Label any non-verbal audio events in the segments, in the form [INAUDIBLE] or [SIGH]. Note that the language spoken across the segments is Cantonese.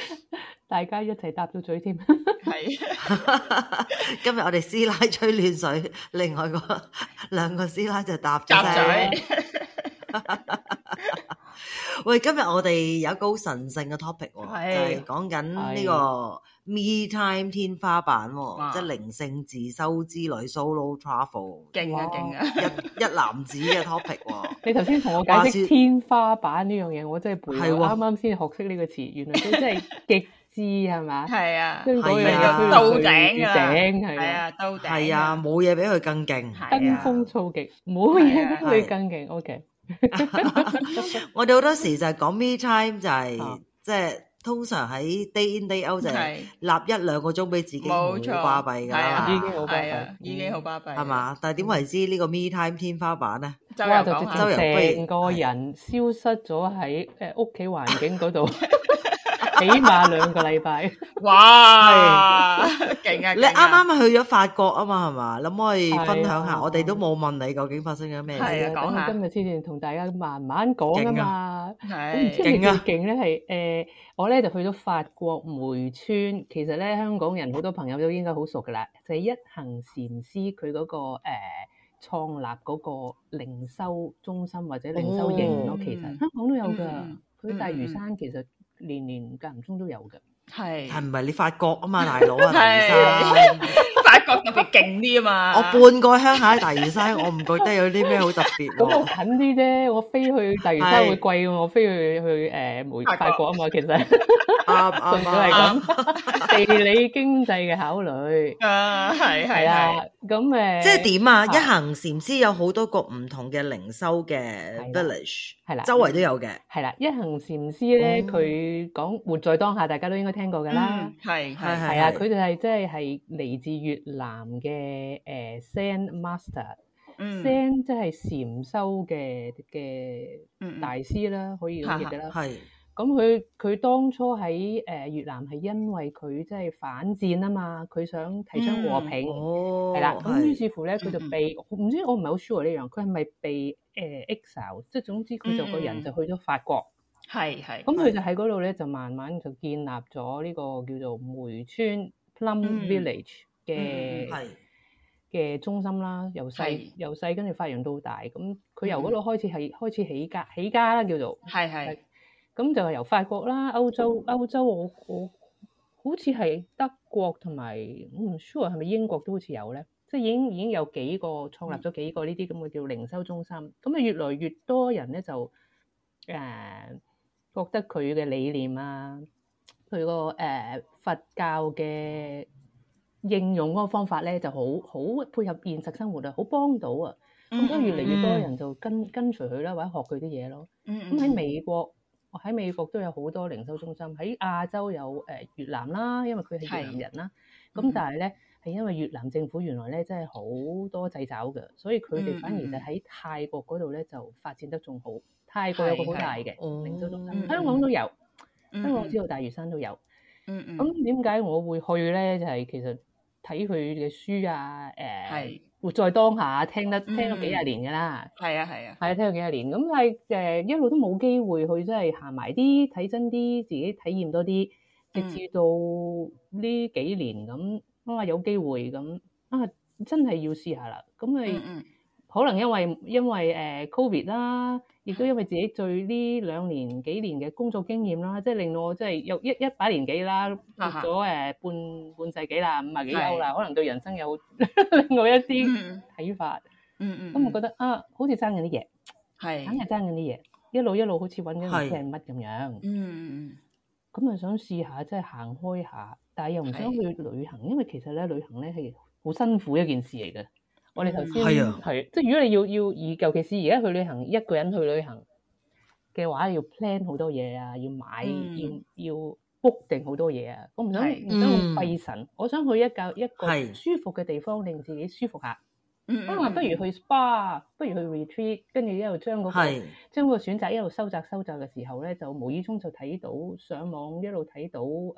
[LAUGHS] 大家一齊搭咗嘴添，係今日我哋師奶吹暖水，另外個兩個師奶就搭咗嘴。 [LAUGHS] [LAUGHS] [LAUGHS] 喂，今日我哋有一個好神聖嘅 topic，就係講緊呢個 me time 天花板，即係靈性自修之旅 solo travel，勁啊勁啊！一男子嘅 topic，你頭先同我解釋天花板呢樣嘢，我真係背，啱啱先學識呢個詞，原來都真係極致係咪？係啊，即係嗰樣到頂噶，係啊，到頂係啊，冇嘢比佢更勁，登峰造極，冇嘢比佢更勁。OK。 [LAUGHS] 我哋好多時就係講 me time，就係、是哦、即係通常喺 day in day out 就係立一兩個鐘俾自己，好巴閉噶啦，啊啊、已經好巴閉，啊嗯、已經好巴閉係嘛？但係點為之呢個 me time 天花板呢？周遊講下成個人消失咗喺誒屋企環境嗰度。是 [LAUGHS] 起碼兩個禮拜，哇，勁啊！你啱啱去咗法國啊嘛，係嘛？諗可以分享下，我哋都冇問你究竟發生緊咩事。等我今日先至同大家慢慢講啊嘛。咁唔知你最勁咧係誒，我咧就去咗法國梅村。其實咧，香港人好多朋友都應該好熟噶啦，就係一行禪師佢嗰個誒創立嗰個靈修中心或者靈修營咯。其實香港都有噶，佢大嶼山其實。年年間唔中都有嘅，係係唔係你發覺啊嘛？大佬啊，係 [LAUGHS] 是。 [LAUGHS] 特別勁啲啊嘛！我半個鄉下大嶼山，我唔覺得有啲咩好特別。咁我近啲啫，我飛去大嶼山會貴嘅，我飛去去誒梅法國啊嘛，其實啊純粹係咁啊啊，地理經濟嘅考慮啊係係啦，咁誒即係點啊？一行禪師有好多個唔同嘅靈修嘅 village 係啦，周圍都有嘅係啦。一行禪師咧，佢講活在當下，大家都應該聽過噶啦，係係係啊！佢哋係即係係嚟自越南。南嘅誒 Zen Master，Zen 即係禪修嘅嘅大師啦，可以咁啦。係咁，佢佢當初喺誒越南係因為佢即係反戰啊嘛，佢想提倡和平係啦。咁於是乎咧，佢就被，唔知我唔係好 sure 呢樣，佢係咪被誒 exile？即係總之佢就個人就去咗法國係係咁，佢就喺嗰度咧就慢慢就建立咗呢個叫做梅村 Plum Village。嘅係嘅中心啦，由細由細跟住發揚到大咁。佢由嗰度開始係開始起家起家啦，叫做係係咁就係由法國啦、歐洲歐洲，我我好似係德國同埋唔 sure 係咪英國都好似有咧，即係已經已經有幾個創立咗幾個呢啲咁嘅叫靈修中心。咁啊，越來越多人咧就誒覺得佢嘅理念啊，佢個誒佛教嘅，應用嗰個方法咧就好好配合現實生活啊，好幫到啊！咁而家越嚟越多人就跟、嗯、跟隨佢啦，或者學佢啲嘢咯。咁喺、嗯嗯、美國，喺美國都有好多禪修中心。喺亞洲有誒越南啦，因為佢係越南人啦。咁、嗯、但係咧係因為越南政府原來咧真係好多掣肘嘅，所以佢哋反而就喺泰國嗰度咧就發展得仲好。泰國有個好大嘅禪修中心，嗯嗯嗯、香港都有，香港我知道大嶼山都有。咁點解我會去咧？就係、是、其實。睇佢嘅書啊，誒、呃，活在是當下聽，嗯、聽得聽咗幾廿年嘅啦，係啊係啊，係啊、嗯、聽咗幾廿年，咁但係一路都冇機會去即係行埋啲睇真啲，自己體驗多啲，直至到呢幾年咁啊，有機會咁啊，真係要試下啦，咁啊、嗯嗯、可能因為因為誒、呃、covid 啦、啊。亦都因為自己最呢兩年幾年嘅工作經驗啦，即係令到我即係有一一把年紀啦，活咗誒半半世紀啦，五啊幾優啦，可能對人生有 [LAUGHS] 另外一啲睇法。嗯嗯、uh。咁、huh. 我覺得啊，好似爭緊啲嘢，係、uh huh. 肯定爭緊啲嘢，uh huh. 一路一路好似揾緊唔知係乜咁樣。嗯嗯嗯。咁、huh. 啊，想試下即係行開下，但係又唔想去旅行，因為其實咧旅行咧係好辛苦一件事嚟嘅。我哋頭先係啊，係即係，如果你要要而，尤其是而家去旅行，一個人去旅行嘅話，要 plan 好多嘢啊，要買、嗯、要要 book 定好多嘢啊。我唔想唔、嗯、想咁費神，我想去一間一個舒服嘅地方，是令自己舒服下。嗯、啊，不如去 SPA，不如去 retreat，跟住一路、那、將嗰個將是個選擇一路收窄，收窄嘅時候咧，就無意中就睇到上網一路睇到誒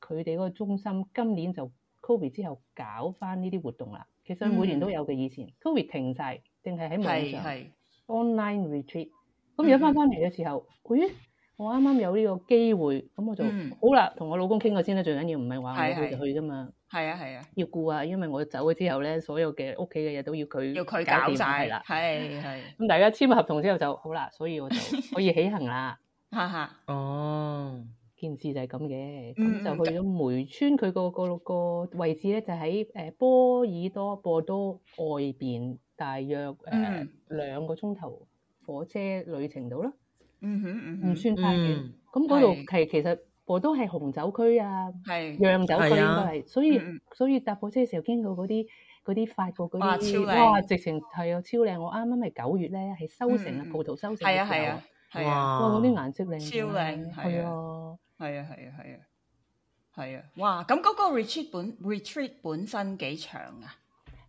佢哋嗰個中心今年就 COVID 之後搞翻呢啲活動啦，其實每年都有嘅，以前。嗯、COVID 停晒，定係喺網上 online retreat。咁而家翻翻嚟嘅時候，咦、嗯哎？我啱啱有呢個機會，咁我就、嗯、好啦，同我老公傾過先啦。最緊要唔係話我去就去噶嘛。係啊係啊，係係要顧啊，因為我走咗之後咧，所有嘅屋企嘅嘢都要佢要佢搞晒係啦，係係。咁大家簽咗合同之後就好啦，所以我就可以起行啦。哈哈，哦。件事就係咁嘅，咁就去咗梅村，佢個個個位置咧就喺誒波爾多波多外邊，大約誒兩個鐘頭火車旅程度啦。嗯哼，唔算太遠。咁嗰度係其實波都係紅酒區啊，係釀酒區應該係，所以所以搭火車嘅時候經過嗰啲嗰啲法國嗰啲，哇直情係啊超靚！我啱啱係九月咧，係收成啊葡萄收成嘅時候，係啊，嗰啲顏色靚，超靚，係啊，係啊，係啊，係啊，啊啊哇！咁嗰個 retreat 本 retreat 本身幾長啊？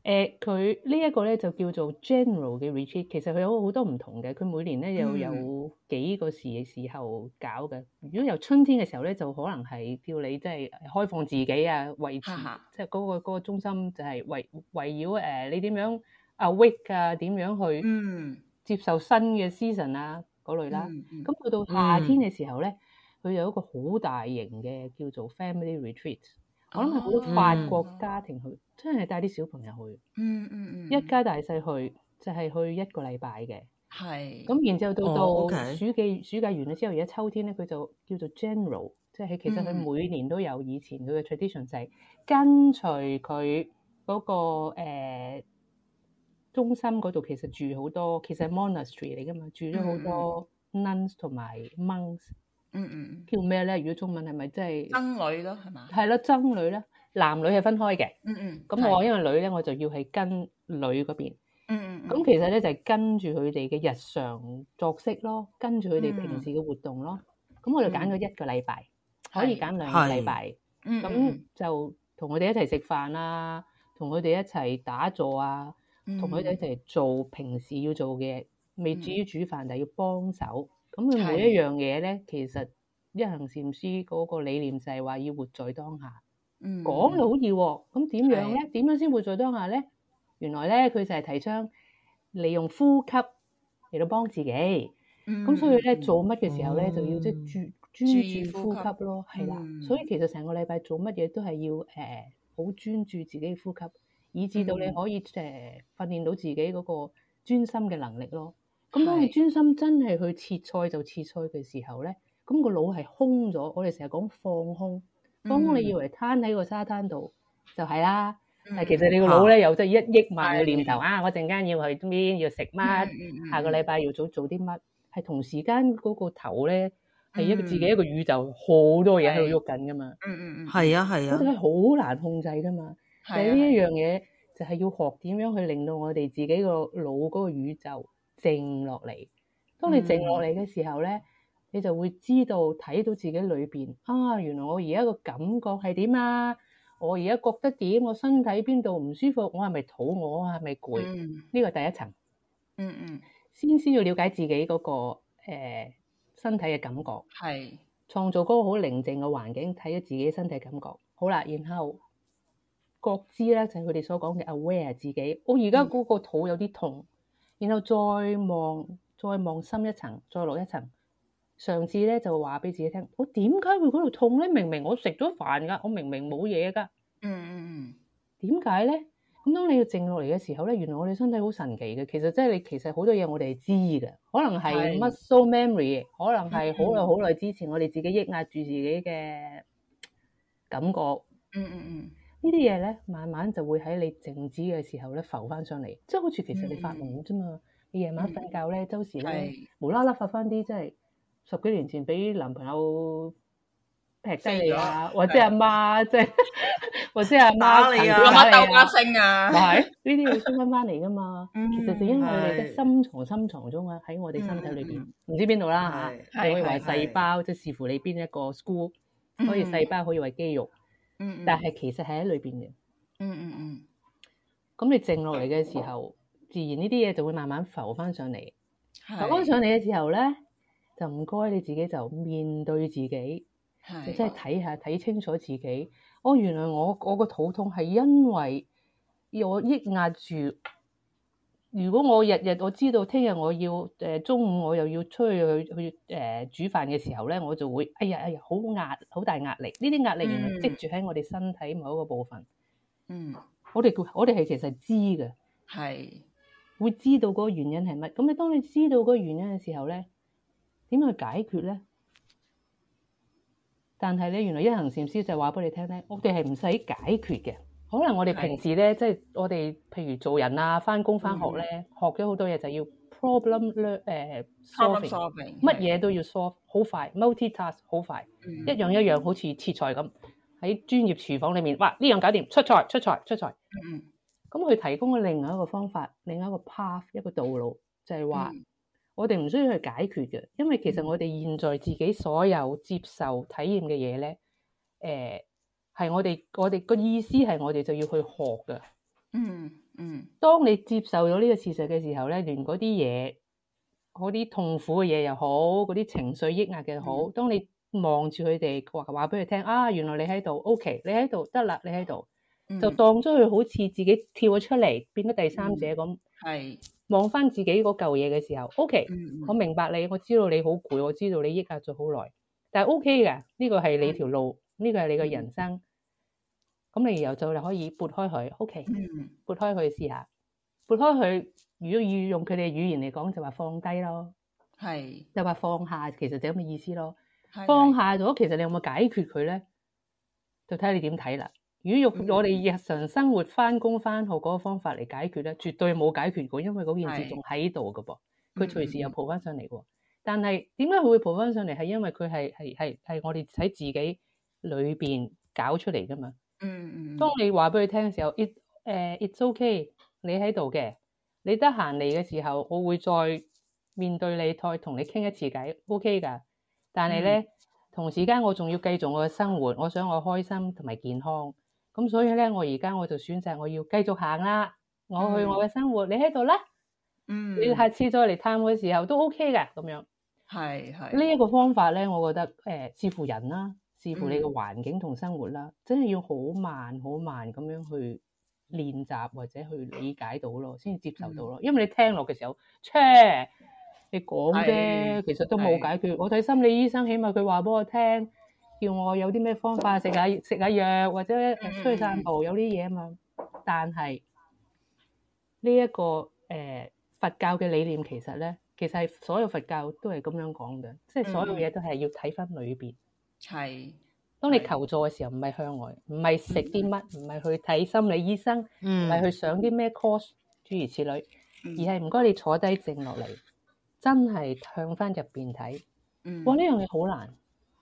誒、呃，佢呢一個咧就叫做 general 嘅 retreat。其實佢有好多唔同嘅。佢每年咧又有幾個時嘅時候搞嘅。嗯、如果有春天嘅時候咧，就可能係叫你即係開放自己啊，為哈即係、那、嗰個嗰、嗰個中心就係圍圍繞誒、啊、你點樣啊 wake 啊點樣去嗯接受新嘅 season 啊。嗰類啦，咁去到夏天嘅時候咧，佢、嗯、有一個好大型嘅叫做 Family Retreat、哦、我諗係好多法國家庭去，嗯、真係帶啲小朋友去，嗯嗯嗯，嗯一家大細去，就係、是、去一個禮拜嘅，係是，咁然之後到到暑假、哦，okay、暑假完咗之後，而家秋天咧，佢就叫做 General，即係其實佢每年都有以前佢嘅 tradition 就係跟隨佢嗰個、呃中心嗰度其實住好多，其實係 monastery 嚟噶嘛，住咗好多 nuns 同埋 monks。嗯嗯嗯。叫咩咧？如果中文係咪即係僧女咯？係嘛？係咯，僧女啦，男女係分開嘅。嗯嗯。咁我因為女咧，我就要係跟女嗰邊。嗯嗯。咁其實咧就係跟住佢哋嘅日常作息咯，跟住佢哋平時嘅活動咯。咁我就揀咗一個禮拜，可以揀兩個禮拜。嗯。咁就同佢哋一齊食飯啊，同佢哋一齊打坐啊。同佢哋一齊做平時要做嘅，未至於煮飯，嗯、但係要幫手。咁佢、嗯、每一樣嘢咧，的其實一行禪師嗰個理念就係話要活在當下。嗯，講又好易、哦，咁點樣咧？點的樣先活在當下咧？原來咧，佢就係提倡利用呼吸嚟到幫自己。嗯，咁所以咧，做乜嘅時候咧，就要即係注專注呼吸咯，係啦、嗯。所以其實成個禮拜做乜嘢都係要誒，好、呃、專、嗯嗯嗯、注自己呼吸。以至到你可以誒訓練到自己嗰個專心嘅能力咯。咁當你專心真係去切菜就切菜嘅時候咧，咁、個腦係空咗。我哋成日講放空，放空你以為攤喺個沙灘度、嗯、就係啦，但其實你個腦咧有真一億萬嘅念頭的啊！我陣間要去邊，要食乜？下個禮拜要早做啲乜？係、嗯、同時間嗰個頭咧係一個自己一個宇宙，好多嘢喺度喐緊噶嘛。嗯嗯嗯，係啊係啊，好難控制噶嘛。有呢一樣嘢，就係要學點樣去令到我哋自己個腦嗰個宇宙靜落嚟。當你靜落嚟嘅時候咧，嗯、你就會知道睇到自己裏邊啊，原來我而家個感覺係點啊，我而家覺得點，我身體邊度唔舒服，我係咪肚餓啊？係咪攰？呢個、嗯、第一層，嗯嗯，嗯先需要了解自己嗰、嗰個、呃、身體嘅感覺，係是創造嗰個好寧靜嘅環境，睇到自己身體感覺好啦，然後。覺知咧就係佢哋所講嘅 aware 自己。我而家嗰個肚有啲痛，嗯、然後再望再望深一層，再落一層。上次咧就話俾自己聽，我點解會嗰度痛咧？明明我食咗飯㗎，我明明冇嘢㗎。嗯嗯嗯。點解咧？咁當你要靜落嚟嘅時候咧，原來我哋身體好神奇嘅。其實即係你其實好多嘢我哋係知嘅，可能係 muscle memory，可能係好耐好耐之前我哋自己抑壓住自己嘅感覺。嗯嗯嗯。呢啲嘢咧，慢慢就會喺你靜止嘅時候咧浮翻上嚟，即係好似其實你發夢啫嘛。你夜晚瞓覺咧，周時咧無啦啦發翻啲，即係十幾年前俾男朋友劈低你啊，或者阿媽，即係或者阿媽你啊，阿媽鬥把聲啊，係呢啲會翻翻嚟噶嘛。其實就因為你嘅深藏深藏中啊，喺我哋身體裏邊，唔知邊度啦嚇。可以話細胞，即係視乎你邊一個 school，可以細胞可以為肌肉。嗯，但係其實喺裏邊嘅。嗯嗯嗯，咁你靜落嚟嘅時候，嗯嗯、自然呢啲嘢就會慢慢浮翻上嚟。浮翻上嚟嘅時候咧，就唔該你自己就面對自己，係即係睇下睇清楚自己。哦，原來我我個肚痛係因為我抑壓住。如果我日日我知道聽日我要誒、呃、中午我又要出去去去誒、呃、煮飯嘅時候咧，我就會哎呀，哎呀好壓，好大壓力，呢啲壓力原來積住喺我哋身體某一個部分。嗯，嗯我哋我哋係其實知嘅，係是會知道嗰個原因係乜？咁你當你知道個原因嘅時候咧，點去解決咧？但係咧，原來一行禪師就話俾你聽咧，我哋係唔使解決嘅。可能我哋平時咧，是即係我哋譬如做人啊、翻工翻學咧，嗯、學咗好多嘢就要 problem, learning,、呃、problem solving，乜嘢都要 solve，好快，multi task 好快，快嗯、一樣一樣好似切菜咁喺專業廚房裡面，哇！呢樣搞掂，出菜出菜出菜。出菜嗯，咁佢提供嘅另外一個方法，另外一個 path 一個道路，就係、是、話我哋唔需要去解決嘅，嗯、因為其實我哋現在自己所有接受體驗嘅嘢咧，誒、呃。呃係我哋，我哋個意思係我哋就要去學噶、嗯。嗯嗯。當你接受咗呢個事實嘅時候咧，連嗰啲嘢，嗰啲痛苦嘅嘢又好，嗰啲情緒抑壓嘅好，嗯、當你望住佢哋，話話俾佢聽啊，原來你喺度，O K，你喺度得啦，你喺度，就當咗佢好似自己跳咗出嚟，變咗第三者咁。係、嗯。望翻自己嗰嚿嘢嘅時候，O、OK, K，、嗯嗯、我明白你，我知道你好攰，我知道你抑壓咗好耐，但係 O K 嘅，呢、呢個係你條路，呢個係你嘅人生。嗯嗯嗯嗯咁你由早就可以撥開佢，OK？嗯，撥開佢試下，撥開佢。如果要用佢哋語言嚟講，就話放低咯，係又話放下，其實就咁嘅意思咯。放下咗，其實你有冇解決佢咧？就睇下你點睇啦。如果用我哋日常生活、翻工翻學嗰個方法嚟解決咧，絕對冇解決過，因為嗰件事仲喺度㗎噃。佢隨時又抱翻上嚟喎。但係點解佢會抱翻上嚟？係因為佢係係係係我哋喺自己裏邊搞出嚟㗎嘛。嗯，當你話俾佢聽嘅時候、嗯、it 誒、呃、it's okay，你喺度嘅，你得閒嚟嘅時候，我會再面對你，再同你傾一次偈，OK 噶。但係咧，嗯、同時間我仲要繼續我嘅生活，我想我開心同埋健康。咁所以咧，我而家我就選擇我要繼續行啦。我去我嘅生活，嗯、你喺度啦。嗯，你下次再嚟探我嘅時候都 OK 噶，咁樣係係呢一個方法咧，我覺得誒、呃，似乎人啦、啊。視乎你嘅環境同生活啦，嗯、真係要好慢、好慢咁樣去練習或者去理解到咯，先至接受到咯。嗯、因為你聽落嘅時候 check 你講啫，哎、其實都冇解決。哎、我睇心理醫生，起碼佢話俾我聽，叫我有啲咩方法食下食下藥，或者出去散步，有啲嘢啊嘛。但係呢一個誒、呃、佛教嘅理念其實呢，其實咧，其實係所有佛教都係咁樣講嘅，即、就、係、是、所有嘢都係要睇翻裏邊。嗯嗯係，當你求助嘅時候，唔係向外，唔係食啲乜，唔係、嗯、去睇心理醫生，唔係、嗯、去上啲咩 course，諸如此類，嗯、而係唔該你坐低靜落嚟，真係向翻入邊睇。嗯，哇呢樣嘢好難。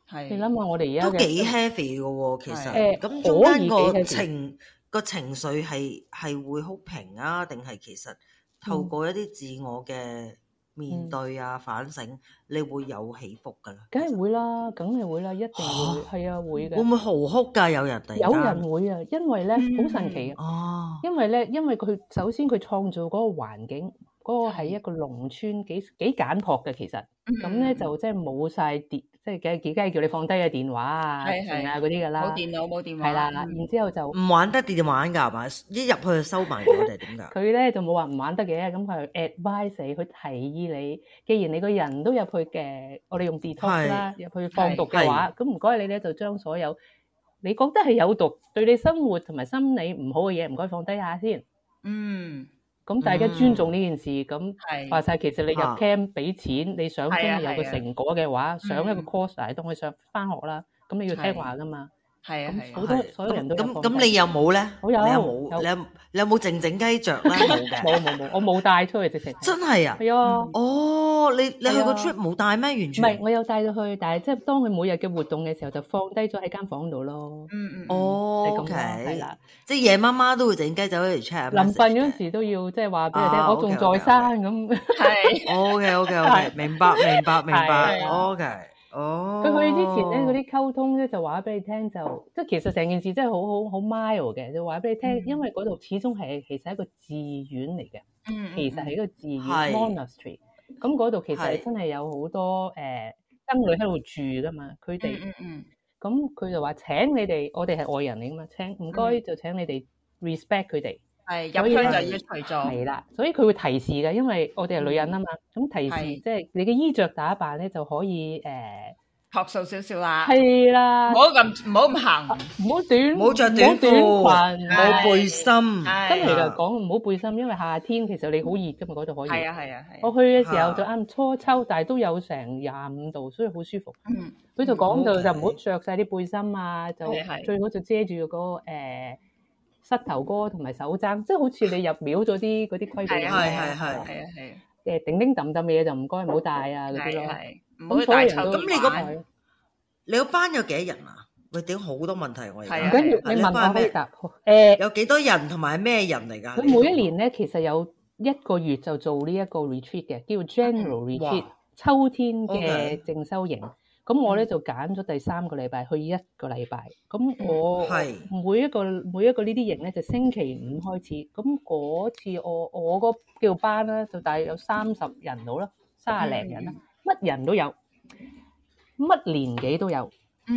係是。你諗下我哋而家都幾 heavy 嘅喎，其實。誒是。咁個情個情，情緒係係會好平啊，定係其實透過一啲自我嘅？嗯面對啊，反省，你會有起伏噶啦，梗係會啦，梗係實會啦，一定會，係蛤啊會嘅。會唔會嚎哭噶？有人突然有人會啊，因為咧好、嗯、神奇啊。因呢，因為咧，因為佢首先佢創造嗰個環境，嗰、那個係一個農村幾幾簡樸嘅，其實咁咧、嗯、就即係冇晒跌。即係幾，梗係叫你放低嘅電話啊、微信啊嗰啲噶啦，冇電腦冇電話係啦。然之後就唔玩得，電玩噶係嘛？一入去收埋咗定係點噶？佢咧就冇話唔玩得嘅，咁佢 advise 佢提議你，既然你個人都入去嘅，我哋用 detox 啦，入去放毒嘅話，咁唔該你咧就將所有你覺得係有毒、對你生活同埋心理唔好嘅嘢，唔該放低下先。嗯。咁大家尊重呢件事，咁話曬其實你入 camp 俾、啊、錢，你想真係有個成果嘅話，的上一個 course 嚟當佢上翻學啦，咁你要聽話噶嘛？係啊，好多所有人都咁咁，你有冇咧？好有，你有冇？你有冇靜靜雞着咧？冇嘅，冇冇冇，我冇帶出去直情。真係啊！係啊，哦，你你去個 trip 冇帶咩？完全唔係，我有帶咗去，但係即係當佢每日嘅活動嘅時候，就放低咗喺間房度咯。嗯嗯。哦，OK，係啦，即係夜媽媽都會靜靜雞走嚟 check。臨瞓嗰時都要即係話俾佢聽，我仲在生咁。係，OK OK，明明白明白明白，OK。哦，佢去之前咧，嗰啲溝通咧就話俾你聽，就即係其實成件事真係好好好 mild 嘅，就話俾你聽，嗯、因為嗰度始終係其實係一個寺院嚟嘅、嗯，嗯，其實係一個寺院是 monastery，咁嗰度其實真係有好多誒僧侶喺度住噶嘛，佢哋、嗯，嗯咁佢、嗯、就話請你哋，我哋係外人嚟啊嘛，請唔該就請你哋 respect 佢哋。係入鄉就要隨俗。係啦，所以佢會提示噶，因為我哋係女人啊嘛，咁提示即係你嘅衣着打扮咧，就可以誒，樸素少少啦。係啦，唔好咁唔好咁行，唔好短，唔好着短褲，冇背心。跟住就講唔好背心，因為夏天其實你好熱噶嘛，嗰度可以。係啊係啊係。我去嘅時候就啱初秋，但係都有成廿五度，所以好舒服。嗯，佢就講到就唔好着晒啲背心啊，就最好就遮住個誒。膝頭哥同埋手踭，即係好似你入廟咗啲嗰啲規矩。係係係係啊係。誒，叮叮噹噹嘅嘢就唔該唔好帶啊嗰啲咯。唔好帶走啊嘛。咁你個你個班有幾多人啊？喂，頂好多問題我。係啊，你問我咩？誒，有幾多人同埋咩人嚟㗎？佢每一年咧，其實有一個月就做呢一個 retreat 嘅，叫 general retreat，秋天嘅正修營。咁我咧就揀咗第三個禮拜去一個禮拜。咁我係每一個每一個呢啲營咧就星期五開始。咁嗰次我我嗰叫班咧就大約有三十人到啦，卅零人啦，乜人都有，乜年紀都有。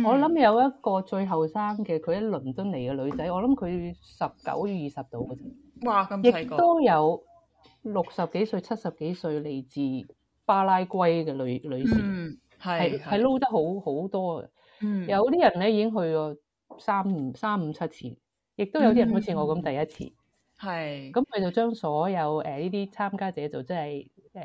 我諗有一個最後生嘅，佢喺倫敦嚟嘅女仔，我諗佢十九二十度嘅啫。哇！咁細個，亦都有六十幾歲、七十幾歲嚟自巴拉圭嘅女女士。係係撈得好好多嘅，嗯、有啲人咧已經去咗三五三五七次，亦都有啲人好似我咁第一次，係咁佢就將所有誒呢啲參加者就即係誒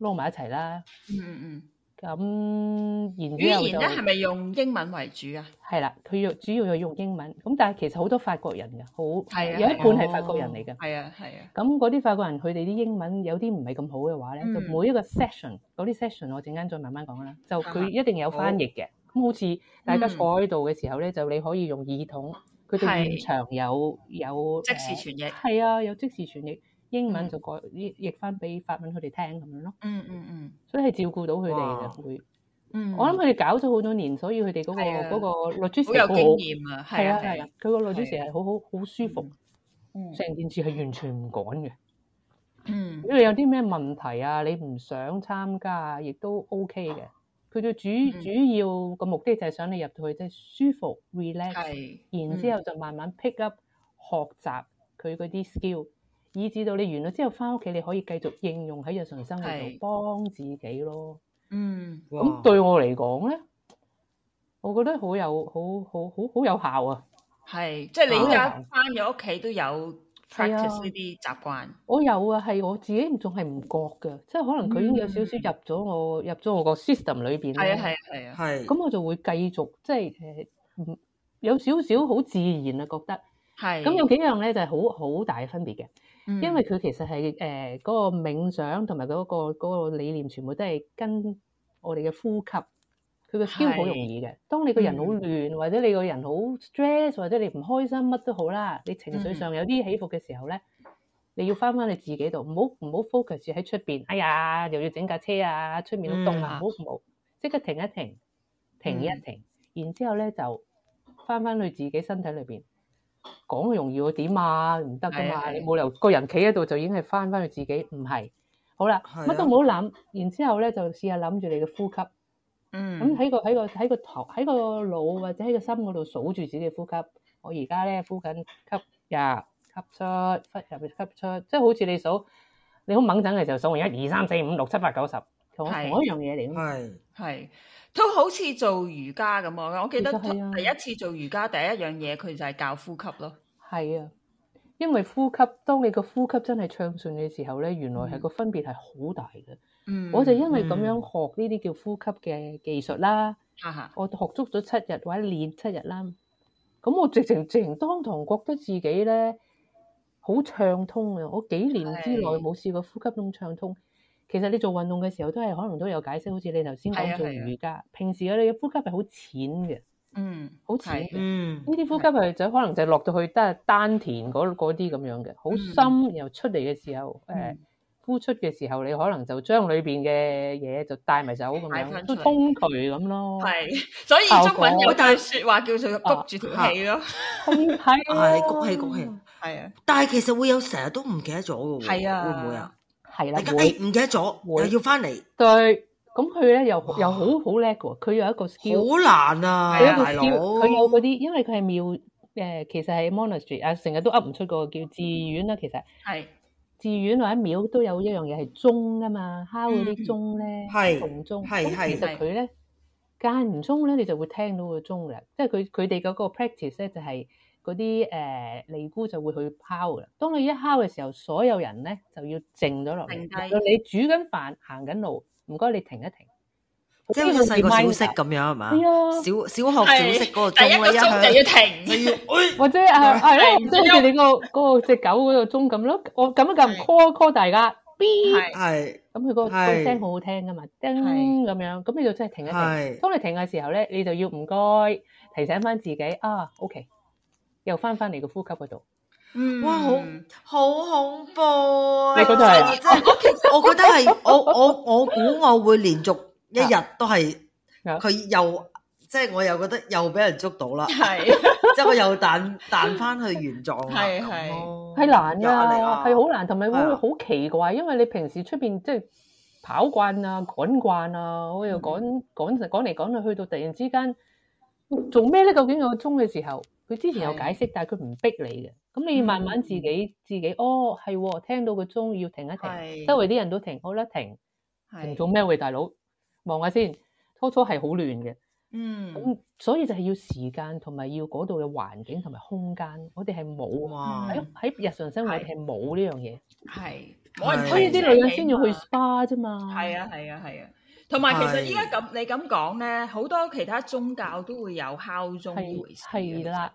撈埋一齊啦、嗯。嗯嗯嗯。咁語言咧係咪用英文為主啊？係啦，佢用主要係用英文。咁但係其實好多法國人嘅，好的有一半係法國人嚟嘅。係啊，係啊。咁嗰啲法國人，佢哋啲英文有啲唔係咁好嘅話咧，嗯、就每一個 session 嗰啲 session，我陣間再慢慢講啦。就佢一定有翻譯嘅。咁好似大家坐喺度嘅時候咧，嗯、就你可以用耳筒，佢哋現場有的有，有即時傳譯。係啊，有即時傳譯。英文就改譯翻俾法文佢哋聽咁樣咯。嗯嗯嗯，所以係照顧到佢哋嘅會。嗯，我諗佢哋搞咗好多年，所以佢哋嗰個嗰個 logistics 好有經驗啊。係啊，係啊，佢個 logistics 係好好好舒服，成件事係完全唔趕嘅。嗯，如果你有啲咩問題啊，你唔想參加啊，亦都 O K 嘅。佢哋主主要個目的就係想你入到去即係舒服 relax，然之後就慢慢 pick up 學習佢嗰啲 skill。以至到你完咗之後，翻屋企你可以繼續應用喺日常生活度幫自己咯。嗯，咁對我嚟講咧，我覺得好有好好好好有效啊。係，即係你而家翻咗屋企都有 practice 呢啲、啊啊、習慣。我有啊，係我自己仲係唔覺嘅，即係可能佢已經有少少入咗我、嗯、入咗我個 system 裏邊。係啊，係啊，係啊，係。咁我就會繼續即係誒，有少少好自然啊，覺得係咁、啊、有幾樣咧，就係好好大分別嘅。因為佢其實係誒嗰個冥想同埋嗰個、嗰個理念，全部都係跟我哋嘅呼吸。佢個 feel 好容易嘅。是當你個人好亂，或者你個人好 stress，或者你唔開心，乜都好啦，你情緒上有啲起伏嘅時候咧，嗯、你要翻翻你自己度，唔好唔好 focus 喺出邊。哎呀，又要整架車啊，出面都凍啊，好冇、嗯，即刻停一停，停一停，嗯、然之後咧就翻翻去自己身體裏邊。講容易，會點啊？唔得噶嘛！的你冇理由個人企喺度就已經係翻翻去自己，唔係。好啦，乜的都唔好諗，然之後咧就試下諗住你嘅呼吸。嗯。咁喺個喺個喺個，個頭喺個腦或者喺個心嗰度數住自己呼吸。我而家咧呼緊吸呀，吸出忽入吸，吸，吸出，即係好似你數，你好猛震嘅時候數完一二三四五六七八九十，同同一樣嘢嚟。係係。的的都好似做瑜伽咁啊！我記得第一次做瑜伽，第一樣嘢佢就係教呼吸咯。係啊，因為呼吸，當你個呼吸真係暢順嘅時候呢，原來係個分別係好大嘅。嗯，我就因為咁樣學呢啲叫呼吸嘅技術啦。嗯嗯、我學足咗七日或者練七日啦。咁我直情直情當堂覺得自己呢好暢通啊！我幾年之內冇試過呼吸咁暢通。其實你做運動嘅時候都係可能都有解釋，好似你頭先講做瑜伽，平時你嘅呼吸係好淺嘅，嗯，好淺，嗯，呢啲呼吸就可能就落到去得丹田嗰啲咁樣嘅，好深，然後出嚟嘅時候，誒呼出嘅時候，你可能就將裏邊嘅嘢就帶埋走咁樣，都通渠咁咯。係，所以中文有句説話叫做吸住條氣咯，係吸氣吸氣，係啊，但係其實會有成日都唔記得咗嘅喎，係啊，會唔會啊？係啦，誒唔記得咗，又要翻嚟。對，咁佢咧又又好好叻喎，佢有一個 skill。好難啊，大佬！佢有嗰啲，因為佢係廟誒，其實係 monastery 啊，成日都噏唔出個叫寺院啦。其實係寺院或者廟都有一樣嘢係鐘噶嘛，敲嗰啲鐘咧，銅鐘。係係係。咁其實佢咧間唔中咧，你就會聽到個鐘嘅，即係佢佢哋嗰個 practice 咧就係。嗰啲誒尼姑就會去拋嘅。當你一拋嘅時候，所有人咧就要靜咗落嚟。靜低。你煮緊飯，行緊路，唔該，你停一停。即係好似細個小息咁樣係嘛？係啊。小小學小息嗰個鐘一響，就要停，或者係係即係你個嗰個隻狗嗰個鐘咁咯。我撳一撳 call call 大家，bi 係咁佢個鐘聲好好聽㗎嘛，叮咁樣，咁你就真係停一停。當你停嘅時候咧，你就要唔該提醒返自己啊。OK。又翻翻嚟個呼吸嗰度，嗯，哇，好好恐怖啊！你覺得係是 [LAUGHS] 我覺得係，我我我估我會連續一日都係佢 [LAUGHS] 又即係我又覺得又俾人捉到啦，係 [LAUGHS] 即係我又彈彈翻去原狀，係係係難啊，係好難，同埋會好奇怪，啊，因為你平時出邊即係跑慣啊、趕慣啊，我又趕趕趕嚟趕去，去到突然之間做咩呢？究竟個鐘嘅時候？佢之前有解釋，但係佢唔逼你嘅，咁你要慢慢自己自己，哦，係聽到個鐘要停一停，周圍啲人都停，好啦，停，停做咩？喂，大佬望下先，初初係好亂嘅，嗯，咁所以就係要時間同埋要嗰度嘅環境同埋空間，我哋係冇啊，嘛，喺日常生活係冇呢樣嘢，係，所以啲女人先要去 SPA 啫嘛，係啊係啊係啊，同埋其實依家咁你咁講咧，好多其他宗教都會有敲鐘呢回事嘅。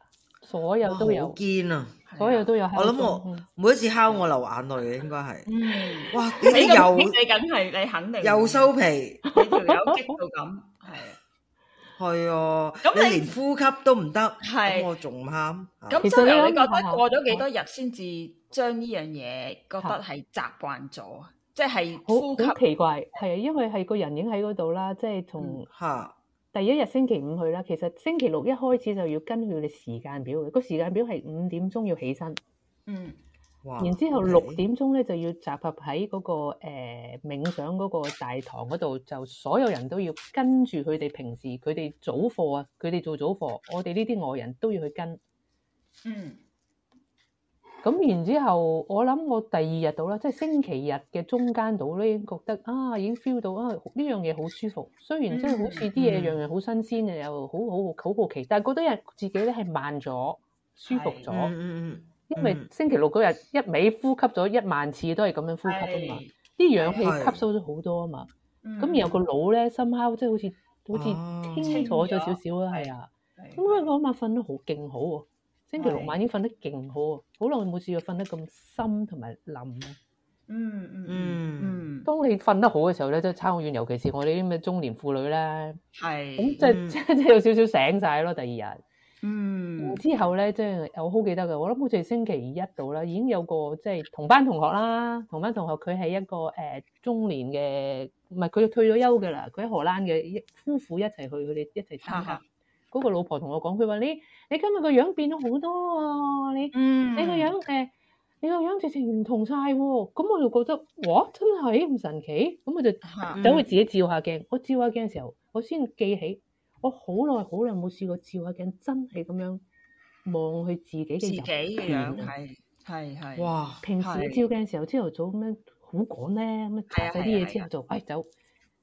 所有都有，好堅啊！所有都有，我諗我每一次喊我流眼淚嘅應該係，嗯，哇！你又你梗係你肯定又收皮，你條友激到咁，係啊，係啊，咁你連呼吸都唔得，係我仲喊，咁其實你覺得過咗幾多日先至將呢樣嘢覺得係習慣咗？即係呼吸好奇怪，係啊，因為係個人影喺嗰度啦，即係同嚇。第一日星期五去啦，其實星期六一開始就要跟佢嘅時間表嘅，個時間表係五點鐘要起身，嗯，然之後六點鐘咧像就要集合喺嗰、個、呃、冥想嗰個大堂嗰度，就所有人都要跟住佢哋平時佢哋早課啊，佢哋做早課，我哋呢啲外人都要去跟，嗯。咁然之後，我諗我第二日到啦，即係星期日嘅中間到咧，覺得啊已經 feel 到啊呢樣嘢好舒服。雖然即係好似啲嘢樣樣好新鮮嘅，又好好好好，好奇，但係嗰一日自己咧係慢咗，舒服咗。嗯嗯，因為星期六嗰日一味呼吸咗一萬次，都係咁樣呼吸啊是嘛，啲氧氣吸收咗好多啊嘛。咁然後個腦咧，心口即係好似好似清楚咗少少啦，係啊、哦。咁嗰晚瞓得好勁好喎。星期六晚已經瞓得勁好，好耐冇試過瞓得咁深同埋冧咯。嗯。嗯嗯嗯。當你瞓得好嘅時候咧，即係差好遠，尤其是我哋啲咩中年婦女咧。係。咁即係即係有少少醒晒咯，第二日。嗯。之後咧，即係我好記得嘅，我諗好似星期一到啦，已經有個即係同班同學啦，同班同學佢係一個誒中年嘅，唔係佢就退咗休嘅啦，佢喺荷蘭嘅夫婦一齊去，佢哋一齊參加。 [LAUGHS] 嗰個老婆同我講，佢話你你今日個樣變咗好多啊！你、嗯、你個樣誒、欸，你個樣直情唔同晒喎、啊。咁我就覺得哇，真係咁神奇！咁、嗯、我就走去自己照下鏡。我照下鏡嘅時候，我先記起我好耐好耐冇試過照下鏡，真係咁樣望佢自己嘅自己，自己，自己樣，係係係。哇！平時照鏡嘅時候，朝頭早咁樣好趕咧，咁啊拍曬啲嘢之後就快、哎哎、走。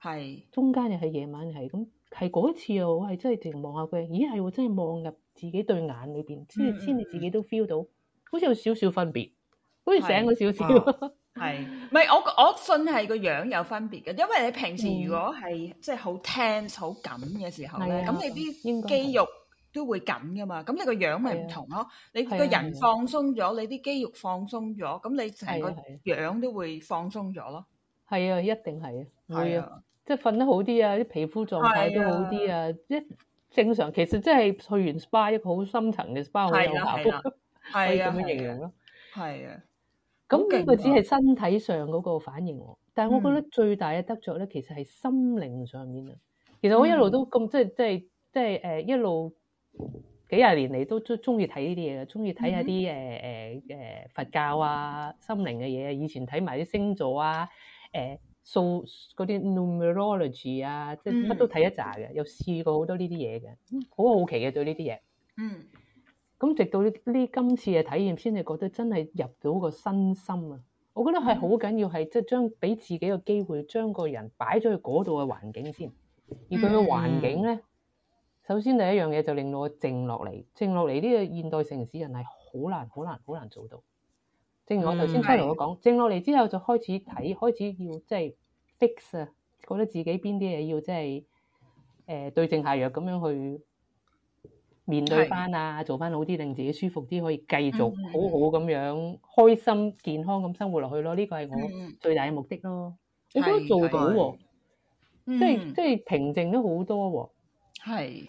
係。中間又係夜晚又係咁。係嗰次啊，我係真係靜望下佢，咦係，真係望入自己對眼裏邊，先先你自己都 feel 到，好似有少少分別，好似醒咗少少。係，唔係我我信係個樣有分別嘅，因為你平時如果係即係好 tense 好緊嘅時候咧，咁你啲肌肉都會緊㗎嘛，咁你個樣咪唔同咯。你個人放鬆咗，你啲肌肉放鬆咗，咁你成個樣都會放鬆咗咯。係啊，一定係啊，會啊。即係瞓得好啲啊，啲皮膚狀態都好啲啊！一、啊、正常其實即係去完 SPA 一個好深層嘅 SPA 好有效，啊啊、 [LAUGHS] 可以咁樣形容咯。係啊，咁呢、啊啊啊、個只係身體上嗰個反應、啊。但係我覺得最大嘅得着咧，其實係心靈上面啊。其實我一路都咁即係即係即係誒、呃、一路幾廿年嚟都中中意睇呢啲嘢嘅，中意睇下啲誒誒誒佛教啊、心靈嘅嘢。以前睇埋啲星座啊，誒、呃。數嗰啲、so, numerology 啊，即係乜都睇一扎嘅，又試、嗯、過好多呢啲嘢嘅，好好奇嘅、啊、對呢啲嘢。嗯，咁直到呢今次嘅體驗，先至覺得真係入到個身心啊！我覺得係好緊要係即係將俾自己個機會，將個人擺咗去嗰度嘅環境先。而對個環境咧，嗯、首先第一樣嘢就令到我靜落嚟，靜落嚟呢個現代城市人係好難、好難、好難做到。正如我頭先出嚟我講，嗯、靜落嚟之後就開始睇，開始要即係 fix 啊，覺得自己邊啲嘢要即係誒對症下藥咁樣去面對翻啊，是做翻好啲，令自己舒服啲，可以繼續好好咁樣開心是健康咁生活落去咯。呢、呢個係我最大嘅目的咯。你都、嗯、做到喎、啊，即係即係平靜咗好多喎、啊。係。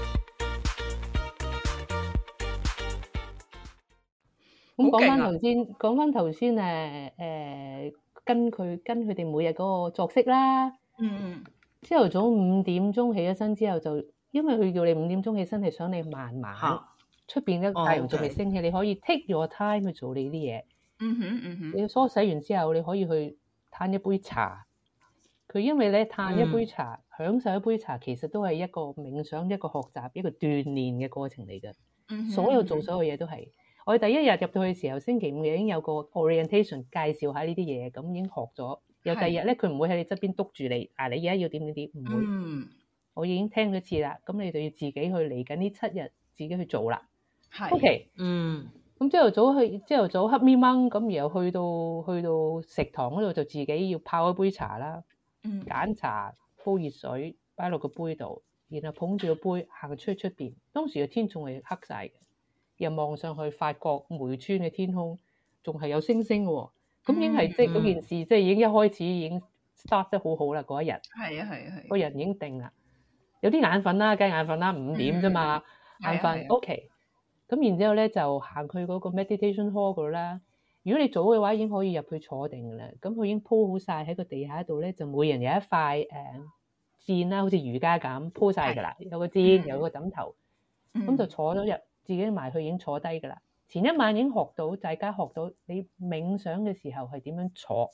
咁講翻頭先，講翻頭先誒誒，跟佢跟佢哋每日嗰個作息啦。嗯嗯。朝頭早五點鐘起咗身之後，之後就，就因為佢叫你五點鐘起身，係想你慢慢，出邊咧太陽仲未升起，啊 okay、你可以 take your time 去做你啲嘢，嗯。嗯哼嗯你梳洗完之後，你可以去嘆一杯茶。佢因為咧嘆一杯茶，嗯、享受一杯茶，其實都係一個冥想、一個學習、一個鍛煉嘅過程嚟嘅。所有做所有嘢都係。嗯哼我第一日入到去嘅時候，星期五已經有個 orientation 介紹下呢啲嘢，咁已經學咗。又第二日咧，佢唔會喺你側邊督住你。嗱、啊，你而家要點點點唔會。嗯，我已經聽咗一次啦。咁你就要自己去嚟緊呢七日，自己去做啦。係是。O.K. 嗯，咁朝頭早去，朝頭早黑咪掹咁，然後去到去到食堂嗰度就自己要泡一杯茶啦。嗯，揀茶煲熱水擺落個杯度，然後捧住個杯行出去出邊。當時嘅天仲係黑晒。又望上去，法國梅村嘅天空仲係有星星嘅喎、哦。咁、嗯嗯、已經係即係嗰件事，即係已經一開始已經 start 得好好啦。嗰一日係啊係啊係，個人已經定啦，有啲眼瞓啦、啊，梗係眼瞓啦、啊，五點啫嘛，眼瞓、啊、OK。咁然之後咧就行去嗰個 meditation hall 啦。如果你早嘅話，已經可以入去坐定嘅啦。咁佢已經鋪好晒喺個地下度咧，就每人有一塊誒墊啦，好似瑜伽咁鋪晒㗎啦，有個墊，有個枕頭，咁、嗯、就坐咗入。自己埋去，已經坐低噶啦。前一晚已經學到，大家學到你冥想嘅時候係點樣坐。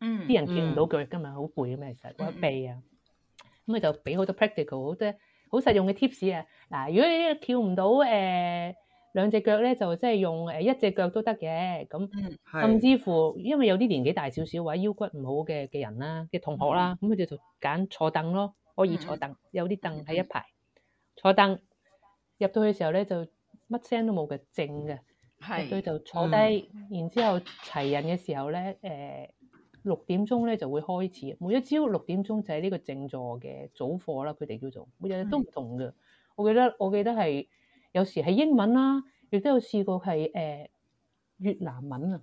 嗯，啲人跳唔到腳，今日好攰嘅咩？其實骨背啊，咁佢就俾好多 practical 好多好實用嘅 tips 啊。嗱，如果你跳唔到誒兩隻腳咧，就即係用誒一隻腳都得嘅。咁、嗯嗯、甚至乎，因為有啲年紀大少少或者腰骨唔好嘅嘅人啦嘅同學啦，咁佢、嗯、就揀坐凳咯，可以坐凳。有啲凳喺一排坐凳入到去嘅時候咧，就。乜聲都冇嘅靜嘅，絕的對就坐低，的然之後齊人嘅時候咧，誒六點鐘咧就會開始。每一朝六點鐘就係呢個靜坐嘅早課啦，佢哋叫做。每日都唔同嘅的，我記得我記得係有時係英文啦，亦都有試過係誒、呃、越南文啊。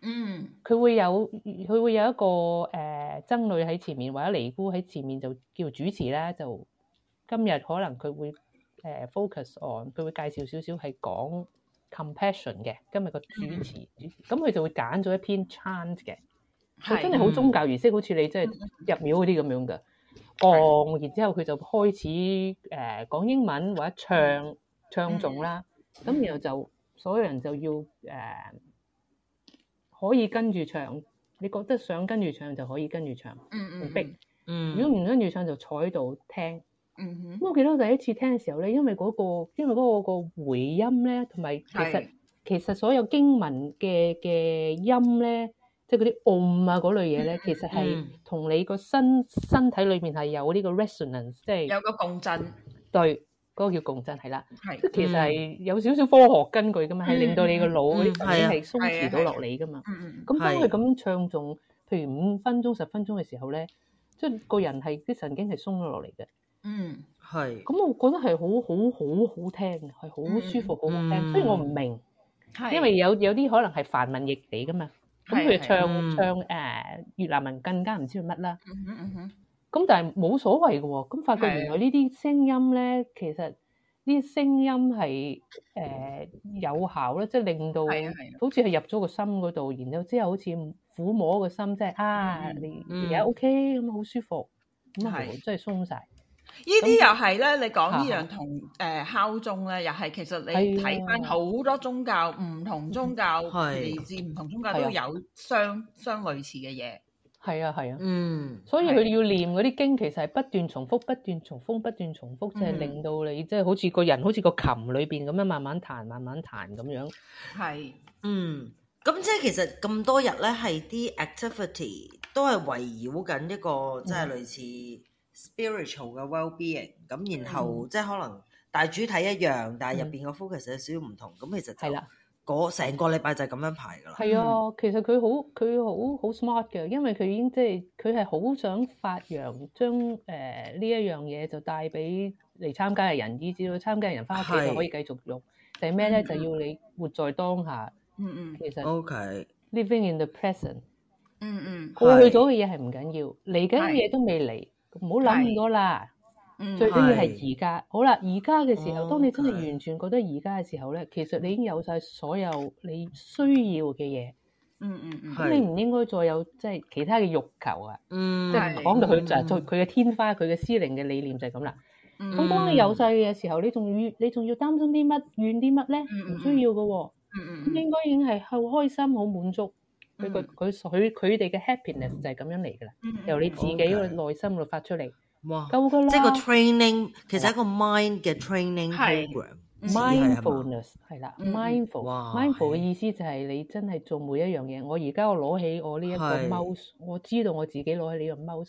嗯。佢會有佢會有一個誒、呃、僧侶喺前面或者尼姑喺前面就叫主持啦，就今日可能佢會。誒 focus on，佢會介紹少少係講 compassion 嘅。今日個主持主持咁佢、嗯、就會揀咗一篇 chant 嘅。佢是真係好宗教儀式，嗯、好似你即係入廟嗰啲咁樣嘅。哦，Right. 然之後佢就開始誒講英文或者唱唱頌啦。咁、嗯、然後就所有人就要誒、呃、可以跟住唱，你覺得想跟住唱就可以跟住唱。嗯嗯。唔逼。嗯。如果唔跟住唱就坐喺度聽。嗯哼，咁我記得我第一次聽嘅時候咧，因為嗰個因為嗰個個回音咧，同埋其實其實所有經文嘅嘅音咧，即係嗰啲嗡啊嗰類嘢咧，其實係同你個身身體裏邊係有呢個 resonance，即係有個共振。對，嗰個叫共振係啦，即係其實係有少少科學根據噶嘛，係令到你個腦嗰啲神經係鬆弛到落嚟噶嘛。咁當佢咁唱誦，譬如五分鐘、十分鐘嘅時候咧，即係個人係啲神經係鬆咗落嚟嘅。Mm, 對嗯，係，咁我覺得係好好好好聽，係好舒服，好好聽。雖然我唔明，係對是對因為有有啲可能係梵文譯嚟噶嘛，咁佢唱是是是唱誒、呃、越南文，更加唔知佢乜啦。嗯，咁但係冇所謂噶喎，咁發覺原來聲呢啲聲音咧，其實呢啲聲音係誒有效咧，即、就、係、是、令到好似係入咗個心嗰度，然後之後好似撫摸個心，即、就、係、是、啊你而家 OK 咁好舒服，咁啊真係鬆晒。對對呢啲又係咧，你講呢樣同誒敲鐘咧，又係、 [NOISE] 嗯、其實你睇翻好多宗教，唔同宗教嚟自唔同宗教都有相相類似嘅嘢。係 [NOISE] 啊，係啊。嗯， [NOISE] 所以佢哋要念嗰啲經，其實係不斷重複、不斷重複、不斷重複，即係令到你即係好似個人，人好似個琴裏邊咁樣慢慢彈、慢慢彈咁樣。係，嗯。咁即係其實咁多日咧，係啲 activity 都係圍繞緊一個，即係類似 spiritual 嘅 well-being，咁然後即係可能，大主體一樣，但係入邊個 focus 有少少唔同，咁其實係喇，成個禮拜就係咁樣排噶啦係啊，其實佢好佢好好 smart 嘅，因為佢已經即係佢係好想發揚，將誒呢一樣嘢就帶俾嚟參加嘅人，以致到參加嘅人翻屋企就可以繼續用。就係咩咧？就要你活在當下。嗯嗯，其實。OK，Living in the present。嗯嗯。過去咗嘅嘢係唔緊要，嚟緊嘅嘢都未嚟。唔好諗咁多啦，最緊要係而家。好啦，而家嘅時候，當你真係完全覺得而家嘅時候咧，其實你已經有晒所有你需要嘅嘢。嗯嗯嗯。咁你唔應該再有即係其他嘅欲求啊。嗯。即係講到佢就係佢嘅天花，佢嘅司令嘅理念就係咁啦。嗯。咁當你有晒嘅時候，你仲要你仲要擔心啲乜怨啲乜咧？唔需要噶。嗯嗯。應該已經係好開心，好滿足。佢佢佢哋嘅 happiness 就係咁樣嚟噶啦，由你自己個內心度發出嚟，哇！即係個 training 其實係一個 mind 嘅 training program，mindfulness 係啦，mindful，mindful 嘅意思就係你真係做每一樣嘢。我而家我攞起我呢一個 mouse，我知道我自己攞起呢個 mouse，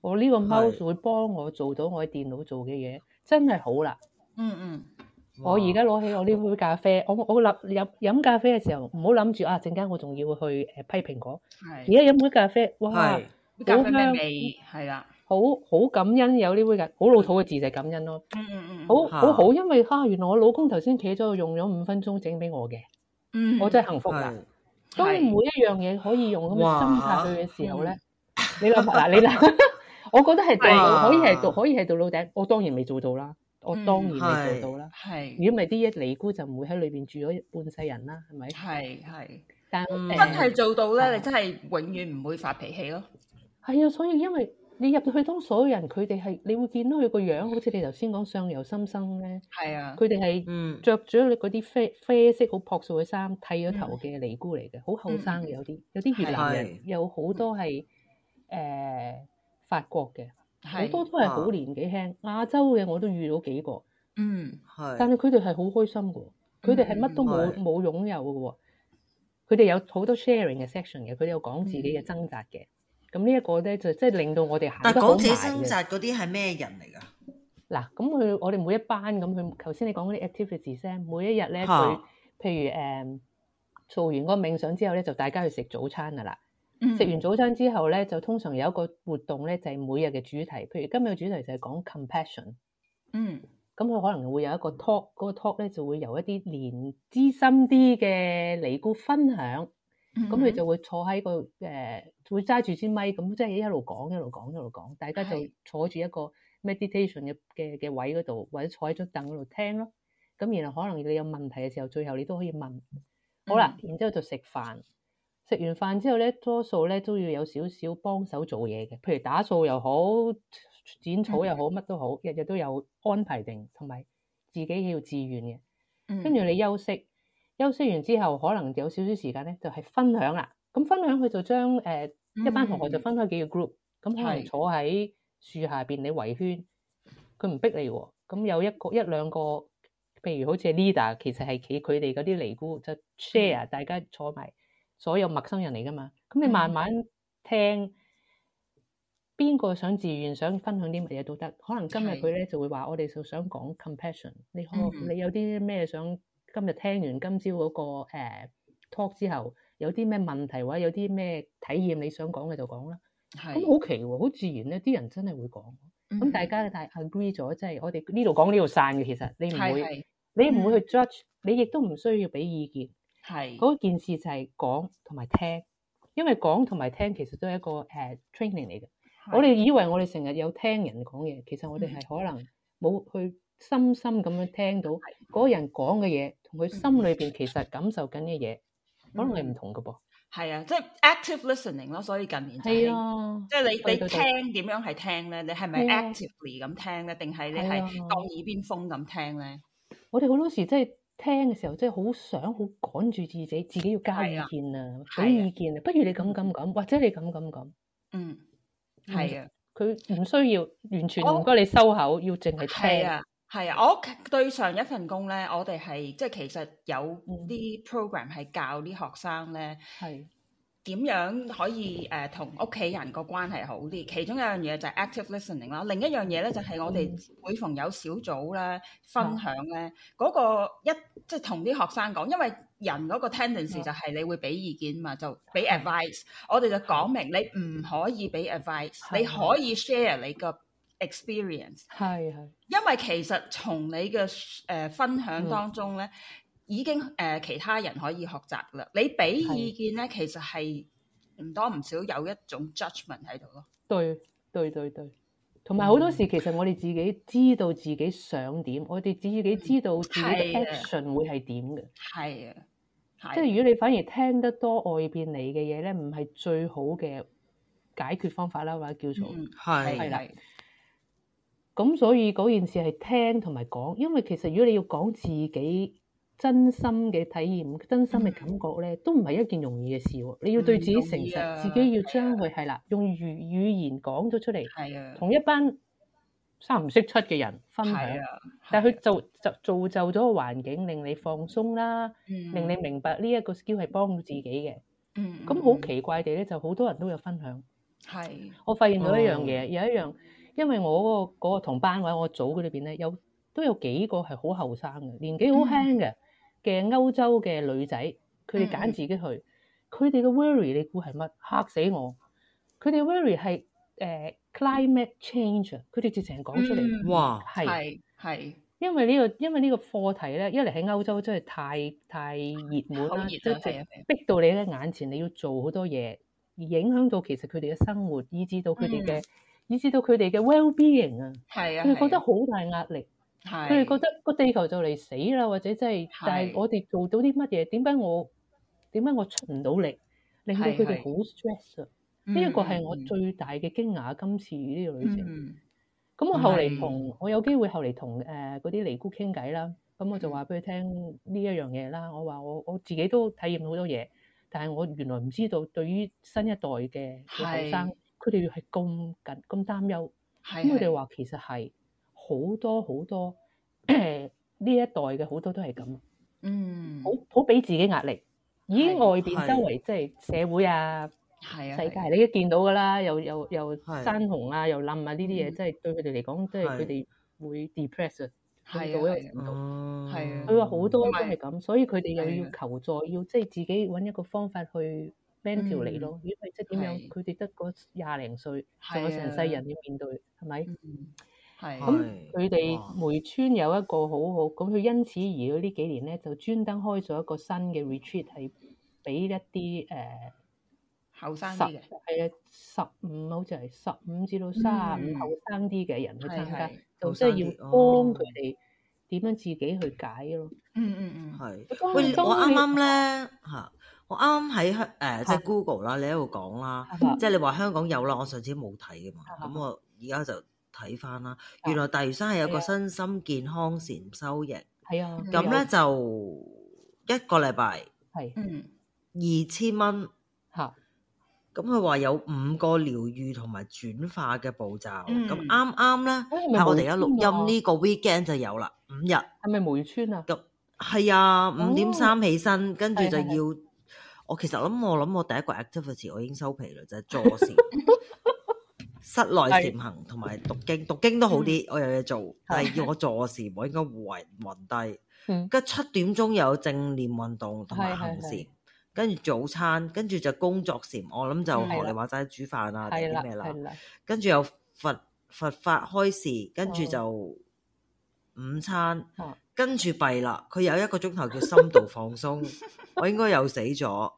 我呢個 mouse 會幫我做到我喺電腦做嘅嘢，真係好啦。嗯嗯。我而家攞起我呢杯咖啡，我我諗飲飲咖啡嘅時候，唔好諗住啊！陣間我仲要去誒批蘋果。係而家飲杯咖啡，哇，好香，係啦，好好感恩有呢杯咖啡，好老土嘅字就係感恩咯。嗯嗯嗯，好好好，因為啊，原來我老公頭先企咗用咗五分鐘整俾我嘅，我真係幸福喇。當每一樣嘢可以用咁嘅心態佢嘅時候咧，你諗下嗱，你諗，我覺得係做可以係做，可以係做老頂，我當然未做到啦。我當然未做到啦，如果唔係啲嘢尼姑就唔會喺裏邊住咗半世人啦，係咪？係係，但係、嗯嗯、做到咧，是你真係永遠唔會發脾氣咯。係啊，所以因為你入到去，當所有人佢哋係，你會見到佢個樣，好似你頭先講上游心生咧。係啊，佢哋係着咗嗰啲啡啡色好樸素嘅衫，剃咗頭嘅尼姑嚟嘅，好後生嘅有啲，嗯嗯、有啲越南人，有好多係誒、呃、法國嘅。好、啊、多都係好年紀輕，亞洲嘅我都遇到幾個。嗯，係。但係佢哋係好開心嘅，佢哋係乜都冇冇是擁有嘅喎。佢哋有好多 sharing 嘅 section 嘅，佢哋有講自己嘅掙扎嘅。咁、嗯、呢一個咧，就即、是、係令到我哋行得好埋嘅。嗰啲係咩人嚟㗎？嗱、啊，咁佢我哋每一班咁，佢頭先你講嗰啲 activity session，每一日咧佢，譬如誒，uh, 做完個冥想之後咧，就大家去食早餐㗎啦。食、嗯、完早餐之後咧，就通常有一個活動咧，就係、是、每日嘅主題。譬如今日嘅主題就係講 compassion。嗯，咁佢可能會有一個 talk，嗰個 talk 咧就會由一啲年資深啲嘅尼姑分享。咁佢就會坐喺個誒、嗯呃，會揸住支咪，咁即係一路講一路講一路講。大家就坐住一個 meditation 嘅嘅嘅位嗰度，或者坐喺張凳嗰度聽咯。咁然後可能你有問題嘅時候，最後你都可以問。好啦，然之後就食飯。食完飯之後咧，多數咧都要有少少幫手做嘢嘅，譬如打掃又好，剪草又好，乜都好，日日都有安排定，同埋自己要志願嘅。跟住你休息休息完之後，可能有少少時間咧，就係、是、分享啦。咁分享佢就將誒、呃、一班同學就分開幾個 group 的。咁可能坐喺樹下邊，你圍圈，佢唔逼你㗎、哦。咁有一個一兩個，譬如好似 leader，其實係企佢哋嗰啲尼姑，就 share 的大家坐埋。所有陌生人嚟㗎嘛？咁你慢慢聽，邊個的想自願想分享啲乜嘢都得。可能今日佢咧就會話：我哋就想講 compassion。你可、嗯、你有啲咩想今日聽完今朝嗰、那個、uh, talk 之後，有啲咩問題或者有啲咩體驗你想講嘅就講啦。係咁好奇喎、哦，好自然咧，啲人真係會講。咁的大家嘅大 agree 咗，即、就、係、是、我哋呢度講呢度散嘅。其實你唔會，的你唔會去 judge，你亦都唔需要俾意見。係嗰是件事就係講同埋聽，因為講同埋聽其實都係一個誒 training 嚟嘅。的我哋以為我哋成日有聽人講嘢，其實我哋係可能冇去深深咁樣聽到嗰個人講嘅嘢，同佢心裏邊其實感受緊嘅嘢，的可能你唔同㗎噃。係啊，即、就、係、是、active listening 咯。所以近年就係、是，即係的你對對對你聽點樣係聽咧？你係咪 actively 咁聽咧？定係的你係當耳邊風咁聽咧？的我哋好多時即係。聽嘅時候，即係好想，好趕住自己，自己要交意見啊，畀意見啊，不如你咁咁咁，或者你咁咁咁，嗯，係啊，佢唔需要完全唔該你收口，要淨係聽，係啊，係啊，我對上一份工咧，我哋係即係其實有啲 program 係教啲學生咧，係。點樣可以誒、呃、同屋企人個關係好啲？其中一樣嘢就係 active listening 啦，另一樣嘢咧就係我哋每逢有小組咧、嗯、分享咧，嗰的個一即係同啲學生講，因為人嗰個 tendency 的就係你會俾意見嘛，就俾 advice 的。我哋就講明你唔可以俾 advice，的你可以 share 你個 experience 的。係係，因為其實從你嘅誒、呃、分享當中咧。的已經誒、呃，其他人可以學習啦。你俾意見咧，的其實係唔多唔少有一種 judgment 喺度咯。對對對對，同埋好多時其實我哋自己知道自己想點，嗯、我哋自己知道自己嘅 action 會係點嘅。係啊的，即係如果你反而聽得多外邊嚟嘅嘢咧，唔係最好嘅解決方法啦，或者叫做係啦。咁、嗯、的所以嗰件事係聽同埋講，因為其實如果你要講自己，真心嘅體驗，真心嘅感覺咧，都唔係一件容易嘅事喎。你要對自己誠實，自己要將佢係啦，用語語言講咗出嚟，同一班三唔識七嘅人分享。但係佢就就造就咗個環境，令你放鬆啦，令你明白呢一個 skill 係幫到自己嘅。咁好奇怪地咧，就好多人都有分享。係，我發現到一樣嘢，有一樣，因為我嗰個同班位，我組嗰裏邊咧，有都有幾個係好後生嘅，年紀好輕嘅。嘅歐洲嘅女仔，佢哋揀自己去，佢哋嘅 worry 你估係乜？嚇死我！佢哋 worry 係誒、uh, climate change，啊，佢哋直情講出嚟，哇，係係、這個，因為呢個因為呢個課題咧，一嚟喺歐洲真係太太熱門，好熱啊！逼就到你咧眼前，你要做好多嘢，而影響到其實佢哋嘅生活，以至到佢哋嘅，以至到佢哋嘅 well-being 啊，係啊，佢哋覺得好大壓力。是佢哋是覺得個地球就嚟死啦，或者真、就、係、是，是但係我哋做到啲乜嘢？點解我點解我出唔到力，令到佢哋好 stress？啊。呢一個係我最大嘅驚訝。嗯嗯，今次呢個旅程，咁、嗯嗯、我後嚟同是我有機會後嚟同誒嗰啲尼姑傾偈啦。咁我就話俾佢聽呢一樣嘢啦。我話我我自己都體驗好多嘢，但係我原來唔知道對於新一代嘅學生，佢哋係咁緊咁擔憂。咁佢哋話其實係。好多好多誒呢一代嘅好多都係咁，嗯，好好俾自己壓力，已經外邊周圍即係社會啊，係啊世界，你都見到噶啦，又又又山洪啊，又冧啊呢啲嘢，即係對佢哋嚟講，即係佢哋會 depressed，會好係啊，佢話好多都係咁，所以佢哋又要求助，要即係自己揾一個方法去 manage 咯。如果佢即係點樣，佢哋得個廿零歲，仲有成世人要面對，係咪？係咁，佢哋梅村有一個好好，咁佢因此而呢幾年咧，就專登開咗一個新嘅 retreat，係俾一啲誒後生啲嘅，係啊，十五好似係十五至到三十五後生啲嘅人去參加，就即係要幫佢哋點樣自己去解咯。嗯嗯嗯，係。喂，我啱啱咧嚇，我啱啱喺香誒即係 Google 啦，你喺度講啦，即係你話香港有啦，我上次冇睇嘅嘛，咁我而家就。睇翻啦，原來大嶼山係有個身心健康禪修營。係啊，咁咧就一個禮拜，係的嗯二千蚊嚇，咁佢話有五個療癒同埋轉化嘅步驟，咁啱啱咧，我哋而家錄音呢個 weekend 就有啦，五日係咪梅村啊？咁係啊，五點三起身，跟住就要，我其實諗我諗我第一個 activity 我已經收皮啦，就係坐先。嗯 [LAUGHS] 室內禪行同埋的讀經，讀經都好啲，嗯、我有嘢做，但係要我坐禪，的我應該暈暈低。咁、嗯、七點鐘有正念運動同埋行禪，是的是的跟住早餐，跟住就工作禪。我諗就學你話齋煮飯啊，定啲咩啦。跟住有佛佛法開示，跟住就午餐，嗯、跟住弊啦。佢有一個鐘頭叫深度放鬆， [LAUGHS] 我應該又死咗。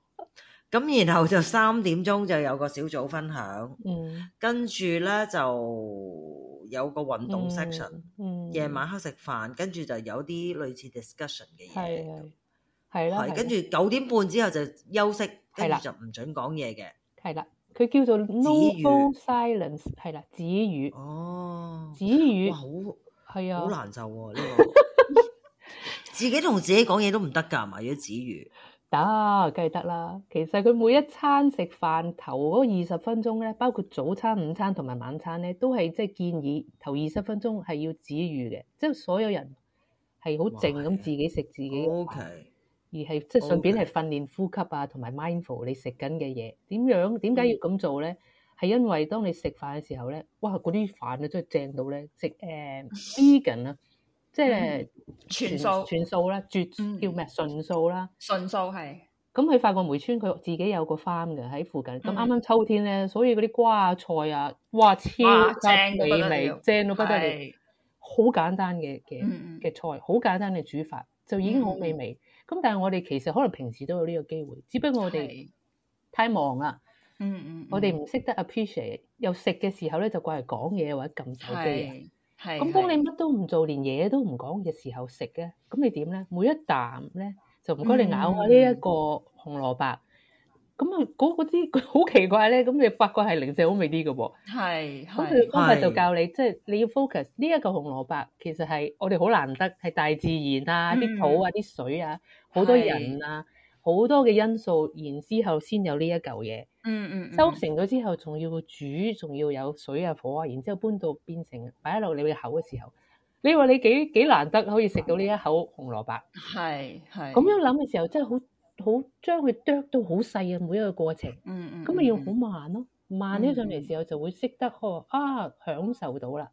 咁然後就三點鐘就有個小組分享，嗯，跟住呢，就有個運動 section，嗯，夜晚黑食飯，跟住就有啲類似 discussion 嘅嘢，係啦，跟住九點半之後就休息，跟住就唔準講嘢嘅，係啦，佢叫做 noble silence，係啦，止語，哦，止語，好，係啊，好難受喎呢個，自己同自己講嘢都唔得㗎，係咪，如果止語？得，梗係得啦。其實佢每一餐食飯頭嗰二十分鐘咧，包括早餐、午餐同埋晚餐咧，都係即係建議頭二十分鐘係要止愈嘅，即係所有人係好靜咁自己食自己。哇。OK. 而係即係順便係訓練呼吸啊，同埋 mindful 你食緊嘅嘢點樣？點解要咁做咧？係因為當你食飯嘅時候咧，哇！嗰啲飯啊真係正到咧，食誒 e 啊～即係全素全素啦，絕叫咩啊？純素啦，純素係。咁喺法國梅村，佢自己有個 farm 嘅，喺附近。咁啱啱秋天咧，所以嗰啲瓜啊菜啊，哇，超正！味，正到不得了。好簡單嘅嘅嘅菜，好簡單嘅煮法，就已經好美味。咁但係我哋其實可能平時都有呢個機會，只不過我哋太忙啊。嗯嗯，我哋唔識得 appreciate，又食嘅時候咧就掛住講嘢或者撳手機。咁當你乜都唔做，連嘢都唔講嘅時候食嘅，咁你點咧？每一啖咧就唔該你咬我呢一個紅蘿蔔，咁啊嗰啲好奇怪咧，咁你發覺係零食好味啲嘅噃。係，咁佢今日就教你，即係是你要 focus 呢一嚿紅蘿蔔，其實係我哋好難得，係大自然啊啲、嗯、土啊啲水啊，好多人啊好是多嘅因素，然之後先有呢一嚿嘢。嗯嗯，收成咗之後，仲要煮，仲要有水啊、火啊，然之後搬到變成擺喺度你嘅口嘅時候，你話你幾幾難得可以食到呢一口紅蘿蔔，係係咁樣諗嘅時候，真係好好將佢啄到好細嘅每一個過程，嗯嗯，咁、嗯、咪要好慢咯，慢起上嚟時候就會識得哦、嗯、啊享受到啦，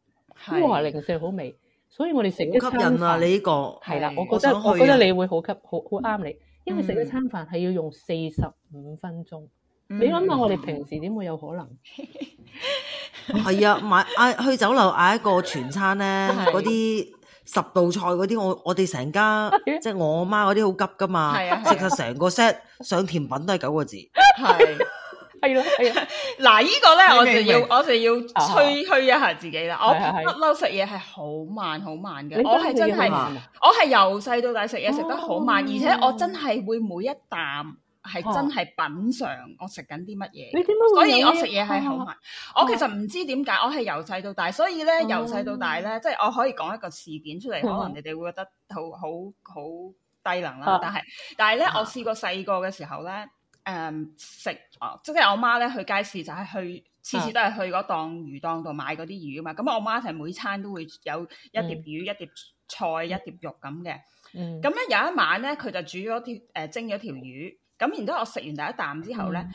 的哇，話零舍好味，所以我哋食一餐飯好吸引啊你呢個，係啦，我覺得我，、啊、我覺得你會好吸好好啱你，因為食一餐飯係要用四十五分鐘。嗯、你諗下，我哋平時點會有可能？係啊， [LAUGHS] 買嗌去酒樓嗌一個全餐咧，嗰啲的十道菜嗰啲，我我哋成家，的即係我阿媽嗰啲好急噶嘛，食晒成個 set 上甜品都係九個字，係係咯，嗱、 [LAUGHS] 這個、呢個咧我就要我就要吹噓、啊、一下自己啦。我不嬲食嘢係好慢好慢嘅，我係真係我係由細到大食嘢食得好慢，而且我真係會每一啖。係真係品嚐我食緊啲乜嘢。你所以我食嘢係好慢。我其實唔知點解，我係由細到大，所以咧由細到大咧，即係我可以講一個事件出嚟，可能你哋會覺得好好好低能啦。但係但係咧，我試過細個嘅時候咧，誒食哦，即係我媽咧去街市就係去次次都係去嗰檔魚檔度買嗰啲魚啊嘛。咁啊，我媽係每餐都會有一碟魚、一碟菜、一碟肉咁嘅。咁咧有一晚咧，佢就煮咗條誒蒸咗條魚。咁然之後，我食完第一啖之後咧，嗯、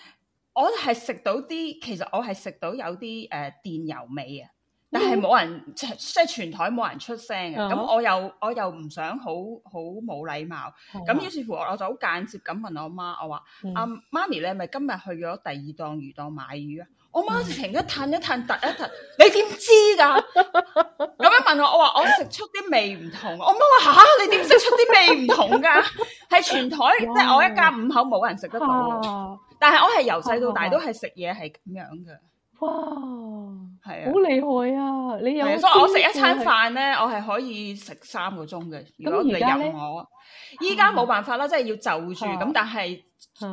我係食到啲，其實我係食到有啲誒、呃、電油味啊！但係冇人即係全台冇人出聲嘅。咁我又我又唔想好好冇禮貌。咁於是乎，我就好間接咁問我媽，我話：阿媽咪你咧，係咪今日去咗第二檔魚檔買魚啊？我媽就停一嘆一嘆，突一突，你點知㗎？咁樣問我，我話我食出啲味唔同。我媽話吓，你點食出啲味唔同㗎？係全枱哇即係我一家五口冇人食得到。啊、但係我係由細到大都係食嘢係咁樣嘅、啊。哇，係啊的，好厲害啊！你又所以我食一餐飯咧，我係可以食三個鐘嘅。如果你由我，依家冇辦法啦，即係要就住咁。但係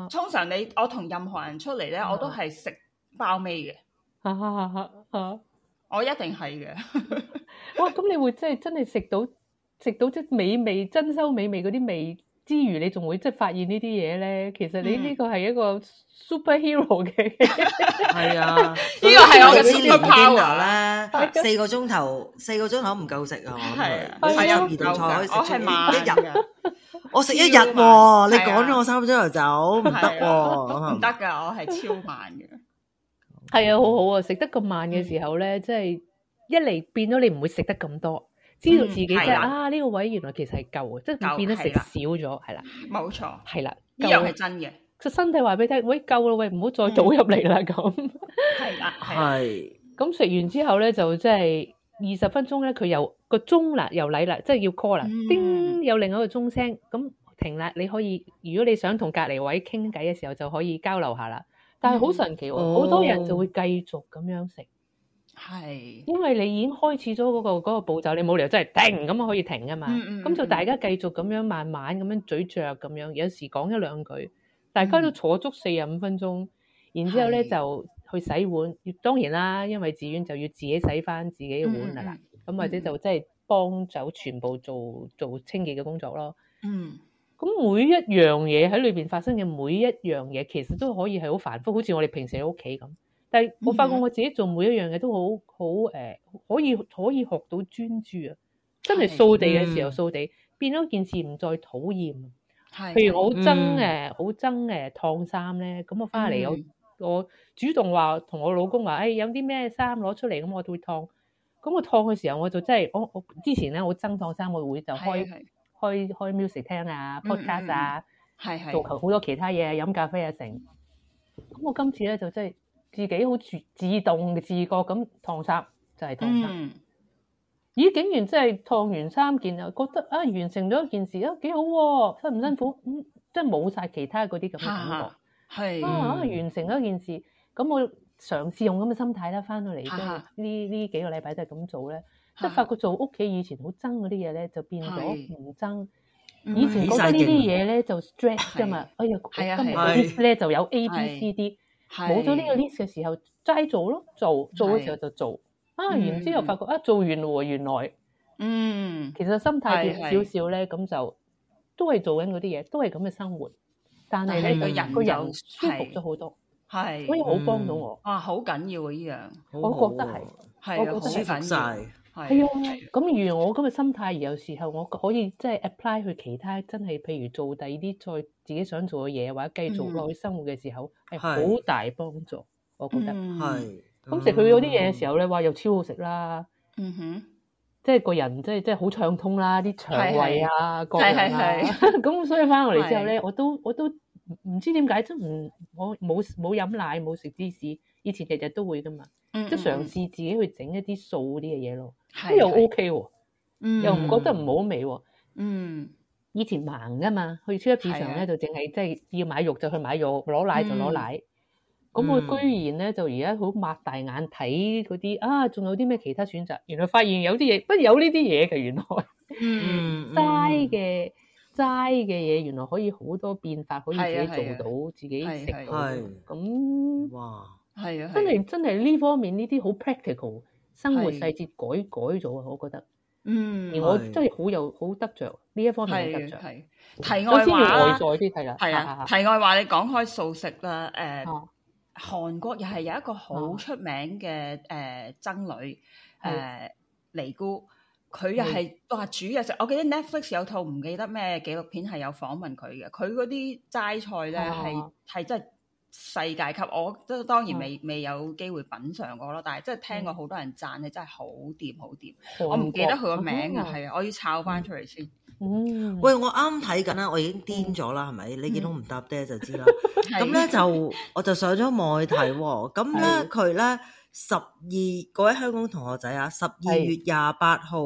通常你我同任何人出嚟咧，我都係食。爆味嘅，啊啊啊啊！我一定係嘅。哇，咁你會即係真係食到食到啲美味，珍饈美味嗰啲味之餘，你仲會即係發現呢啲嘢咧？其實你呢個係一個 superhero 嘅，係啊，呢個係我嘅 superpower 咧。四個鐘頭，四個鐘頭唔夠食啊！我有二道菜可以食出一日嘅，我食一日。你趕咗我三個鐘頭走，唔得喎，唔得噶，我係超慢嘅。係 [NOISE] 啊，好好啊！食得咁慢嘅時候咧，即係、嗯、一嚟變咗你唔會食得咁多，知道自己即係、嗯、啊呢、啊這個位原來其實係夠夠啊，即係變咗食少咗，係啦錯，冇錯、啊，係啦，呢樣係真嘅，就身體話俾你聽，喂夠啦，喂唔好再倒入嚟啦，咁係啦，係咁食完之後咧就即係二十分鐘咧，佢又個鐘啦，又嚟啦，即係要 call 啦，叮、啊、 [NOISE] [NOISE] 有另外一個鐘聲，咁停啦，你可以如果你想同隔籬位傾偈嘅時候就可以交流下啦。但係好神奇喎、哦，好、哦、多人就會繼續咁樣食，係是，因為你已經開始咗嗰、那個那個步驟，你冇理由真係停咁可以停噶嘛，咁、嗯嗯、就大家繼續咁樣慢慢咁樣咀嚼咁樣，有時講一兩句，大家都坐足四十五分鐘，然之後咧是就去洗碗，當然啦，因為寺院就要自己洗翻自己嘅碗啊、嗯、啦，咁或者就真係幫走全部做做清潔嘅工作咯，嗯。咁每一樣嘢喺裏邊發生嘅每一樣嘢，其實都可以係好繁複，好似我哋平時喺屋企咁。但係我發覺我自己做每一樣嘢都好好誒，可以可以學到專注啊！真係掃地嘅時候掃地，變咗件事唔再討厭。係，譬如我好憎誒，好憎誒燙衫咧。咁我翻嚟、啊、我我主動話同我老公話，誒、哎，有啲咩衫攞出嚟，咁我都會燙。咁我燙嘅時候，我就真係我我之前咧，我憎燙衫，我會就開。開開 music 聽啊，podcast、嗯、啊，係係是是 做求好多其他嘢，飲咖啡啊成。咁我今次咧就真係自己好自自動自覺咁燙衫，就係燙衫。咦、嗯，竟然真係燙完三件啊，覺得啊完成咗一件事啊，幾好，辛唔辛苦？嗯，即係冇晒其他嗰啲咁嘅感覺。係啊，完成咗一件事，咁、啊啊啊啊啊、我嘗試用咁嘅心態咧，翻到嚟跟住呢呢幾個禮拜都係咁做咧。即係發覺做屋企以前好憎嗰啲嘢咧，就變咗唔憎。以前覺得呢啲嘢咧就 stress 噶嘛。哎呀，今日個 list 咧就有 A、B、C、D，冇咗呢個 list 嘅時候齋做咯，做做嘅時候就做。啊，然之後發覺啊，做完嘞喎，原來嗯，其實心態變少少咧，咁就都係做緊嗰啲嘢，都係咁嘅生活，但係你個人個人舒服咗好多，係，所以好幫到我。啊，好緊要啊，依樣，我覺得係，係啊，舒晒。係啊，咁如我咁嘅心態，而有時候我可以即係 apply 去其他真係，譬如做第二啲再自己想做嘅嘢，或者繼續落去生活嘅時候，係好、嗯、大幫助。我覺得係咁食佢嗰啲嘢嘅時候咧，哇！又超好食啦，嗯哼，即係個人即係即係好暢通啦，啲腸胃啊，的各，係係係咁。 [LAUGHS] 所以翻落嚟之後咧，我都我都唔知點解，真唔我冇冇飲奶冇食芝士，以前日日都會噶嘛，即係嘗試自己去整一啲素嗰啲嘅嘢咯。都又 OK 喎，又唔覺得唔好味喎。嗯，以前盲噶嘛，去超級市場咧就淨係即係要買肉就去買肉，攞奶就攞奶。咁我居然咧就而家好擘大眼睇嗰啲啊，仲有啲咩其他選擇？原來發現有啲嘢，不有呢啲嘢嘅原來。嗯，齋嘅齋嘅嘢原來可以好多變化，可以自己做到自己食到。咁哇，係啊，真係真係呢方面呢啲好 practical。生活細節改是改咗啊，我覺得。嗯。我真係好有好得着呢一方面得着，得著。題外話啦。先要外在啲，係啦。係啊。題外話，你講開素食啦，誒、呃，韓、啊、國又係有一個好出名嘅誒、呃、僧侶誒、呃、的尼姑，佢又係話煮嘢食。我記得 Netflix 有套唔記得咩紀錄片係有訪問佢嘅，佢嗰啲齋菜咧係係真世界級我都當然未未有機會品嘗過咯，但係真係聽過好多人讚，佢、嗯、真係好掂好掂。國我唔記得佢個名啊，係啊國，我要抄翻出嚟先。嗯、喂，我啱睇緊啦，我已經癲咗啦，係咪？你見到唔搭爹就知啦。咁咧、嗯、 [LAUGHS] 就我就上咗網去睇，咁咧佢咧十二嗰位香港同學仔啊，十二月廿八號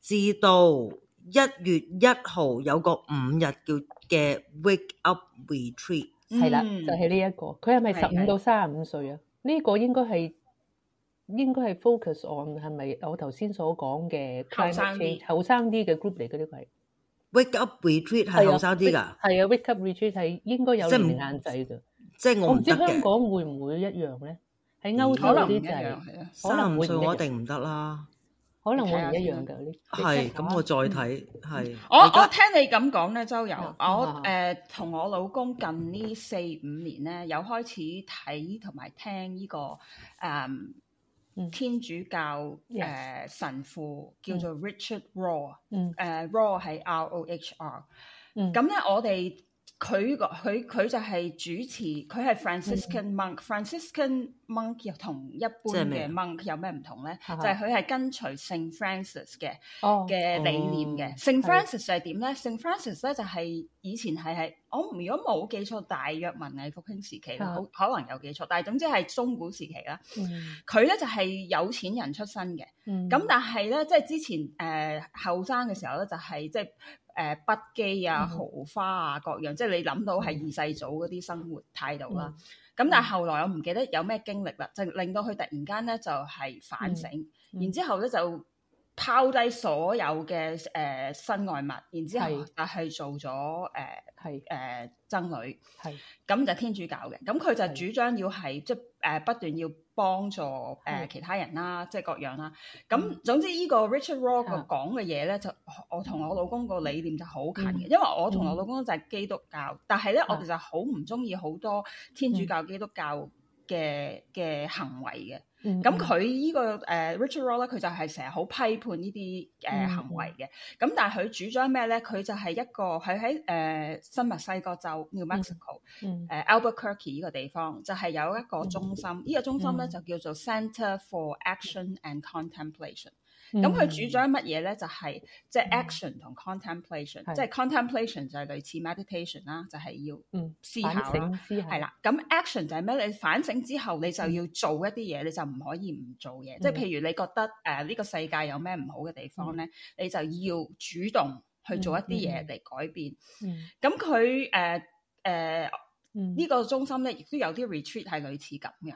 至到一月一號有個五日叫嘅 Wake Up Retreat。係啦，就係呢一個，佢係咪十五到卅五歲啊？呢個應該係應該係 focus on 係咪我頭先所講嘅後生啲嘅 group 嚟嗰啲位？Wake up retreat 係後生啲噶，係啊，wake up retreat 係應該有年齡限制嘅，即係我唔知香港會唔會一樣咧？喺歐洲啲就卅五歲我一定唔得啦。可能會一樣呢係，咁我再睇，係、嗯。是我我，我聽你咁講咧，周游，我誒同、呃、我老公近呢四五年咧，有開始睇同埋聽呢、這個誒、嗯、天主教誒、呃、神父叫做 Richard Rohr，誒 Rohr 係 R O H R，嗯，咁咧、呃、我哋。佢個佢佢就係主持，佢係 Franciscan monk。Franciscan monk 又同一般嘅 monk 有咩唔同咧？就係佢係跟隨聖 Francis 嘅嘅理念嘅。聖 Francis 係點咧？聖 Francis 咧就係以前係係我如果冇記錯，大約文藝復興時期，好可能有記錯，但係總之係中古時期啦。佢咧就係有錢人出身嘅，咁但係咧，即係之前誒後生嘅時候咧，就係即係。誒不羈啊，豪花啊，各樣，即係你諗到係二世祖嗰啲生活態度啦。咁但係後來我唔記得有咩經歷啦，就令到佢突然間咧就係反省，然之後咧就拋低所有嘅誒身外物，然之後就係做咗誒誒僧侶，係咁就天主教嘅。咁佢就主張要係即係誒不斷要。幫助誒、呃、其他人啦、啊，即係各樣啦、啊。咁總之個的的呢個 Richard Rohr 講嘅嘢咧，啊、就我同我老公個理念就好近嘅，嗯、因為我同我老公就係基督教，但係咧、啊、我哋就好唔中意好多天主教基督教嘅嘅行為嘅。咁佢呢個誒、呃、Richard Rohr 咧，佢就係成日好批判呢啲誒行為嘅。咁但係佢主張咩咧？佢就係一個，佢喺誒新墨西哥州 New Mexico，誒、嗯嗯呃、Albuquerque 呢個地方就係、是、有一個中心。呢、嗯、個中心咧、嗯、就叫做 Center for Action and Contemplation。咁佢主張乜嘢咧？就係、是嗯、即係 action 同 contemplation，即係 contemplation 就係類似 meditation 啦，就係要思考啦、啊，係啦、嗯。咁 action 就係咩？你反省之後，你就要做一啲嘢，嗯、你就唔可以唔做嘢。嗯、即係譬如你覺得誒呢、呃呢個世界有咩唔好嘅地方咧，嗯、你就要主動去做一啲嘢嚟改變。咁佢誒誒。嗯嗯嗯呢個中心咧，亦都有啲 retreat 係類似咁嘅。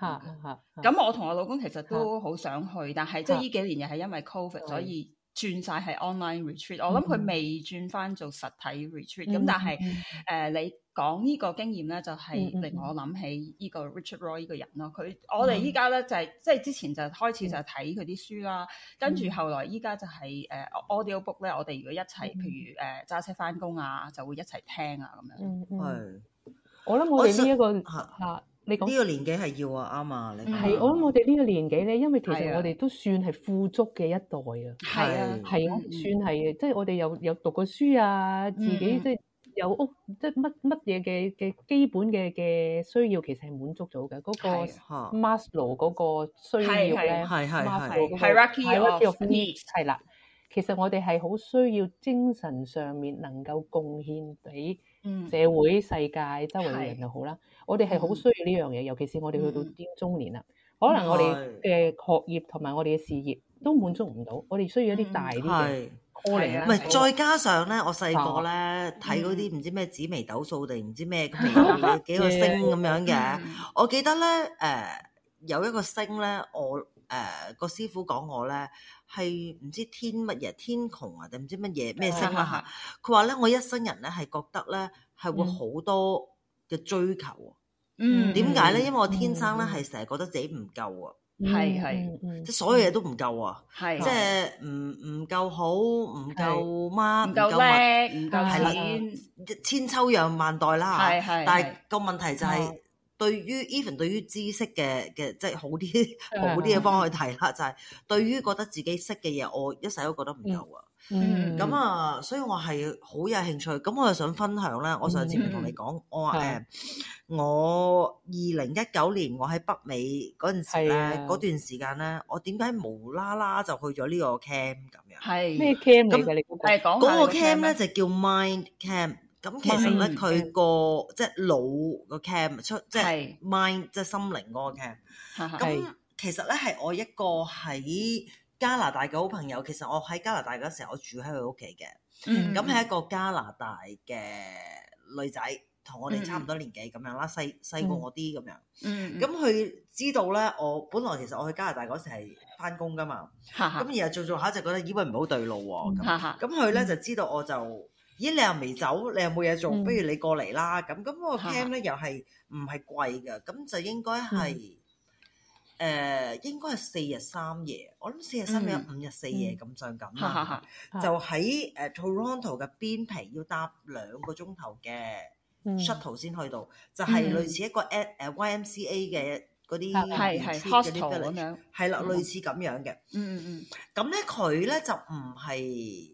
咁我同我老公其實都好想去，但係即係呢幾年又係因為 covid，所以轉晒係 online retreat。我諗佢未轉翻做實體 retreat。咁但係誒，你講呢個經驗咧，就係令我諗起呢個 Richard Rohr 呢個人咯。佢我哋依家咧就係即係之前就開始就睇佢啲書啦，跟住後來依家就係誒 audio book 咧，我哋如果一齊，譬如誒揸車翻工啊，就會一齊聽啊咁樣。係。我諗我哋呢一個吓，你講呢個年紀係要啊啱啊，你係我諗我哋呢個年紀咧，因為其實我哋都算係富足嘅一代啊。係啊，係啊，算係，即係我哋有又讀過書啊，自己即係有屋，即係乜乜嘢嘅嘅基本嘅嘅需要，其實係滿足到嘅。嗰個 Maslow 嗰個需要咧，係係係 Hierarchy of Needs 係啦。其實我哋係好需要精神上面能夠貢獻俾。是嗯，社會世界周圍嘅人又好啦，我哋係好需要呢樣嘢，尤其是我哋去到啲中年啦，嗯、可能我哋嘅學業同埋我哋嘅事業都滿足唔到，嗯、我哋需要一啲大啲嘅嚟啦。唔係是的再加上咧，的我細個咧，睇嗰啲唔知咩紫微斗數定唔知咩嘅幾個星咁樣嘅， [LAUGHS] 嗯、我記得咧誒、呃、有一個星咧我。誒，個師傅講我咧係唔知天乜嘢，天窮啊定唔知乜嘢咩星啦吓，佢話咧我一生人咧係覺得咧係會好多嘅追求，嗯，點解咧？因為我天生咧係成日覺得自己唔夠啊，係係，即係所有嘢都唔夠啊，係即係唔唔夠好，唔夠乜，唔夠叻，唔夠錢，千秋養萬代啦，但係個問題就係。對於 even 對於知識嘅嘅即係好啲 [LAUGHS] 好啲嘅方面去睇啦， [MUSIC] 就係對於覺得自己識嘅嘢，我一世都覺得唔夠啊。咁 [MUSIC] 啊，所以我係好有興趣。咁我就想分享咧。我上次咪同你講，我話誒，我二零一九年我喺北美嗰陣時咧，嗰段時間咧，我點解無啦啦就去咗呢個 camp 咁樣？係咩 camp 嚟嘅？你係講嗰個 camp 咧，就叫 Mind Camp。咁其實咧，佢個即係腦個 camp，即係 mind 即係心靈嗰個 camp。咁其實咧，係我一個喺加拿大嘅好朋友。其實我喺加拿大嗰時，我住喺佢屋企嘅。咁係一個加拿大嘅女仔，同我哋差唔多年紀咁樣啦，細細過我啲咁樣。咁佢知道咧，我本來其實我去加拿大嗰時係返工㗎嘛。咁然後做做下就覺得以為唔好對路喎。咁佢咧就知道我就。咦，你又未走？你又冇嘢做？不如你過嚟啦！咁咁個 camp 咧又係唔係貴嘅？咁就應該係誒，應該係四日三夜。我諗四日三夜、五日四夜咁上下啦。就喺誒 Toronto 嘅邊皮，要搭兩個鐘頭嘅 shuttle 先去到，就係類似一個 at 誒 YMCA 嘅嗰啲，係係 hostel 咁樣，係啦，類似咁樣嘅。嗯嗯嗯，咁咧佢咧就唔係。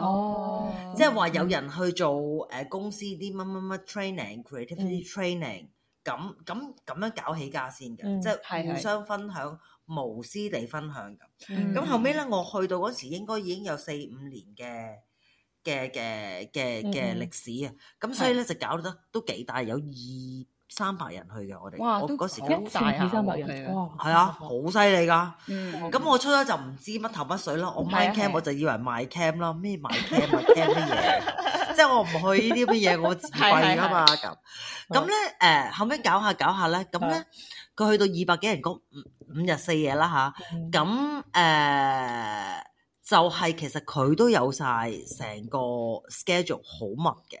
哦，即係話有人去做誒公司啲乜乜乜 training，creativity training，咁咁咁樣搞起家先嘅，即係互相分享，無私地分享咁。咁後尾咧，我去到嗰時應該已經有四五年嘅嘅嘅嘅嘅歷史啊，咁所以咧就搞得都幾大有意。三百人去嘅我哋，我嗰時一大幾三百人，係啊，好犀利噶。咁我出咗就唔知乜頭乜水咯。我 Mindcamp 我就以為買 cam 啦，咩買 cam 咪 cam 乜嘢，即係我唔去呢啲乜嘢，我自費啊嘛。咁咁咧，誒後尾搞下搞下咧，咁咧佢去到二百幾人嗰五五日四夜啦吓，咁誒就係其實佢都有晒成個 schedule 好密嘅。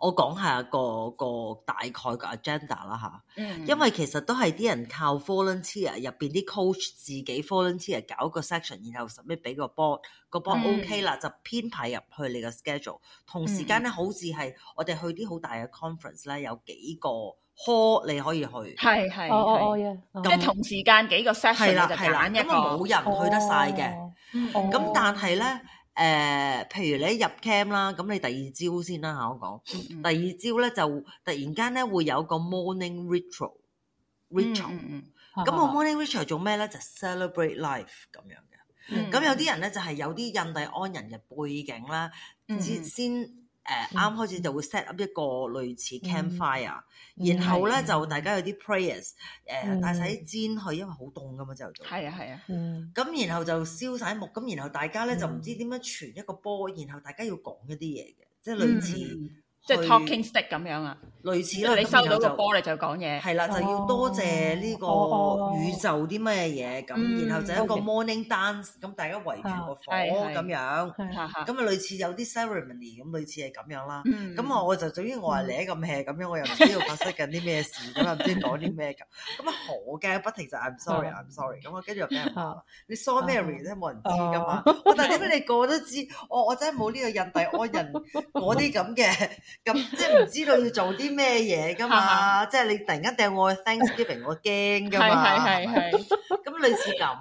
我講下個個大概個 agenda 啦嚇，因為其實都係啲人靠 volunteer 入邊啲 coach 自己 volunteer 搞個 section，然後 submit 俾個 board，個 board OK 啦，嗯、就編排入去你個 schedule。同時間咧，好似係我哋去啲好大嘅 conference 咧，有幾個 hall 你可以去，係係哦哦，哦哦哦即係同時間幾個 section，係啦係啦，因為啊冇人去得晒嘅，咁、哦哦、但係咧。誒、呃，譬如你一入 camp 啦，咁你第二朝先啦嚇，我講，第二朝咧、嗯、就突然間咧會有個 morning ritual，ritual、嗯。咁、嗯、個、嗯、morning ritual 做咩咧？就是、celebrate life 咁樣嘅。咁、嗯、有啲人咧就係、是、有啲印第安人嘅背景啦，嗯、先先。誒啱、嗯、開始就會 set up 一個類似 campfire、嗯、然後咧的就大家有啲 prayers，誒、呃嗯、帶晒啲煎去，因為好凍噶嘛，就係啊係啊，咁、嗯、然後就燒晒木，咁然後大家咧、嗯、就唔知點樣傳一個波，然後大家要講一啲嘢嘅，即係類似、嗯。嗯即係 talking stick 咁樣啊，類似咯。你收到個波，你就講嘢。係啦，就要多謝呢個宇宙啲咩嘢咁，然後就一個 morning dance，咁大家圍住個火咁樣，咁啊類似有啲 ceremony 咁，類似係咁樣啦。咁啊，我就總之我話你一個咩咁樣，我又唔知道發生緊啲咩事，咁又唔知講啲咩㗎。咁啊好驚，不停就 I'm sorry，I'm sorry。咁我跟住又俾人話，你 sorry Mary 咧，冇人知㗎嘛。我但係點解你個都知？我我真係冇呢個印第安人嗰啲咁嘅。咁 [LAUGHS] 即係唔知道要做啲咩嘢噶嘛？ [LAUGHS] 即係你突然間掟我去 Thanksgiving， [LAUGHS] 我驚噶嘛？係係係咁類似咁，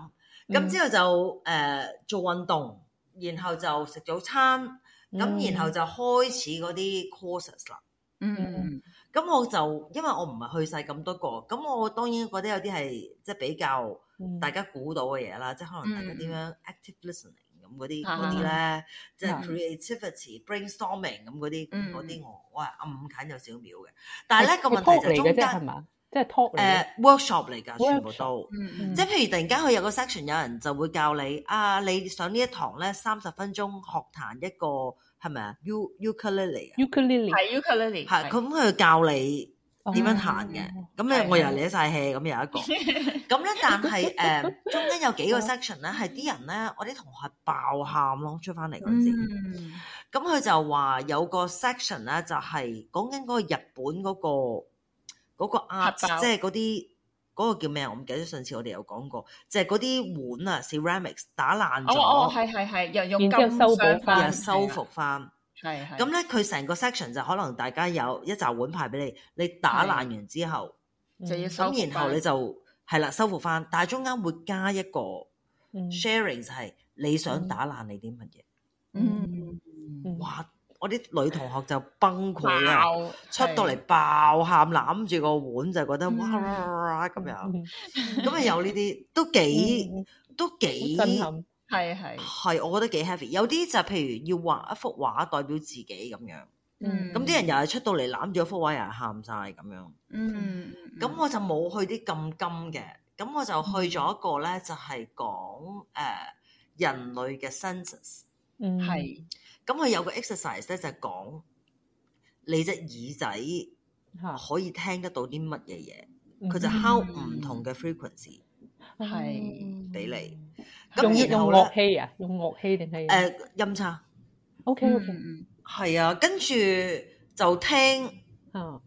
咁之後就誒、呃、做運動，然後就食早餐，咁然後就開始啲 courses 啦。嗯，咁、嗯嗯、我就因為我唔係去晒咁多個，咁我當然覺得有啲係即係比較大家估到嘅嘢啦，嗯、即係可能大家點樣 active listening。咁嗰啲嗰啲咧，即係 creativity brainstorming 咁嗰啲啲我我係暗近有少秒嘅，但係咧個問題就中間即係 talk 嚟嘅 workshop 嚟噶全部都，即係譬如突然間佢有個 section 有人就會教你啊，你上呢一堂咧三十分鐘學彈一個係咪啊 u ukulele ukulele 係 ukulele 係咁佢教你。點樣行嘅？咁咧，哦、我又唻晒氣，咁的又一個。咁咧， [LAUGHS] 但係誒，中間有幾個 section 咧、哦，係啲人咧，我啲同學爆喊咯，出翻嚟嗰陣。咁佢、嗯、就話有個 section 咧，就係講緊嗰個日本嗰、嗰個嗰、嗰個 art，即係嗰啲嗰個叫咩？我唔記得上次我哋有講過，就係嗰啲碗啊 ceramics 打爛咗，哦哦，係係用用金箔嚟修復翻。係，咁咧佢成個 section 就可能大家有一隻碗派俾你，你打爛完之後，就要收，咁然後你就係啦，修復翻。但係中間會加一個 sharing， [NOISE] 就係你想打爛你啲乜嘢。嗯，哇！ [NOISE] 我啲女同學就崩潰啊，爆出到嚟爆喊，攬住個碗就覺得哇咁樣，咁啊 [NOISE] 有呢啲都幾、 [NOISE] 嗯嗯、都幾係係係，我覺得幾 h a p p y 有啲就譬如要畫一幅畫代表自己咁樣，咁啲、嗯、人又係出到嚟攬住一幅畫又係喊晒咁樣。咁、嗯嗯、我就冇去啲咁金嘅，咁我就去咗一個咧，就係、是、講誒、uh, 人類嘅 senses、嗯。係，咁佢有個 exercise 咧，就係、是、講你隻耳仔可以聽得到啲乜嘢嘢，佢、嗯嗯、就敲唔同嘅 frequency。係俾你。咁，然後咧用樂器啊，用樂器定係誒音叉？O K，係啊，跟住就聽啊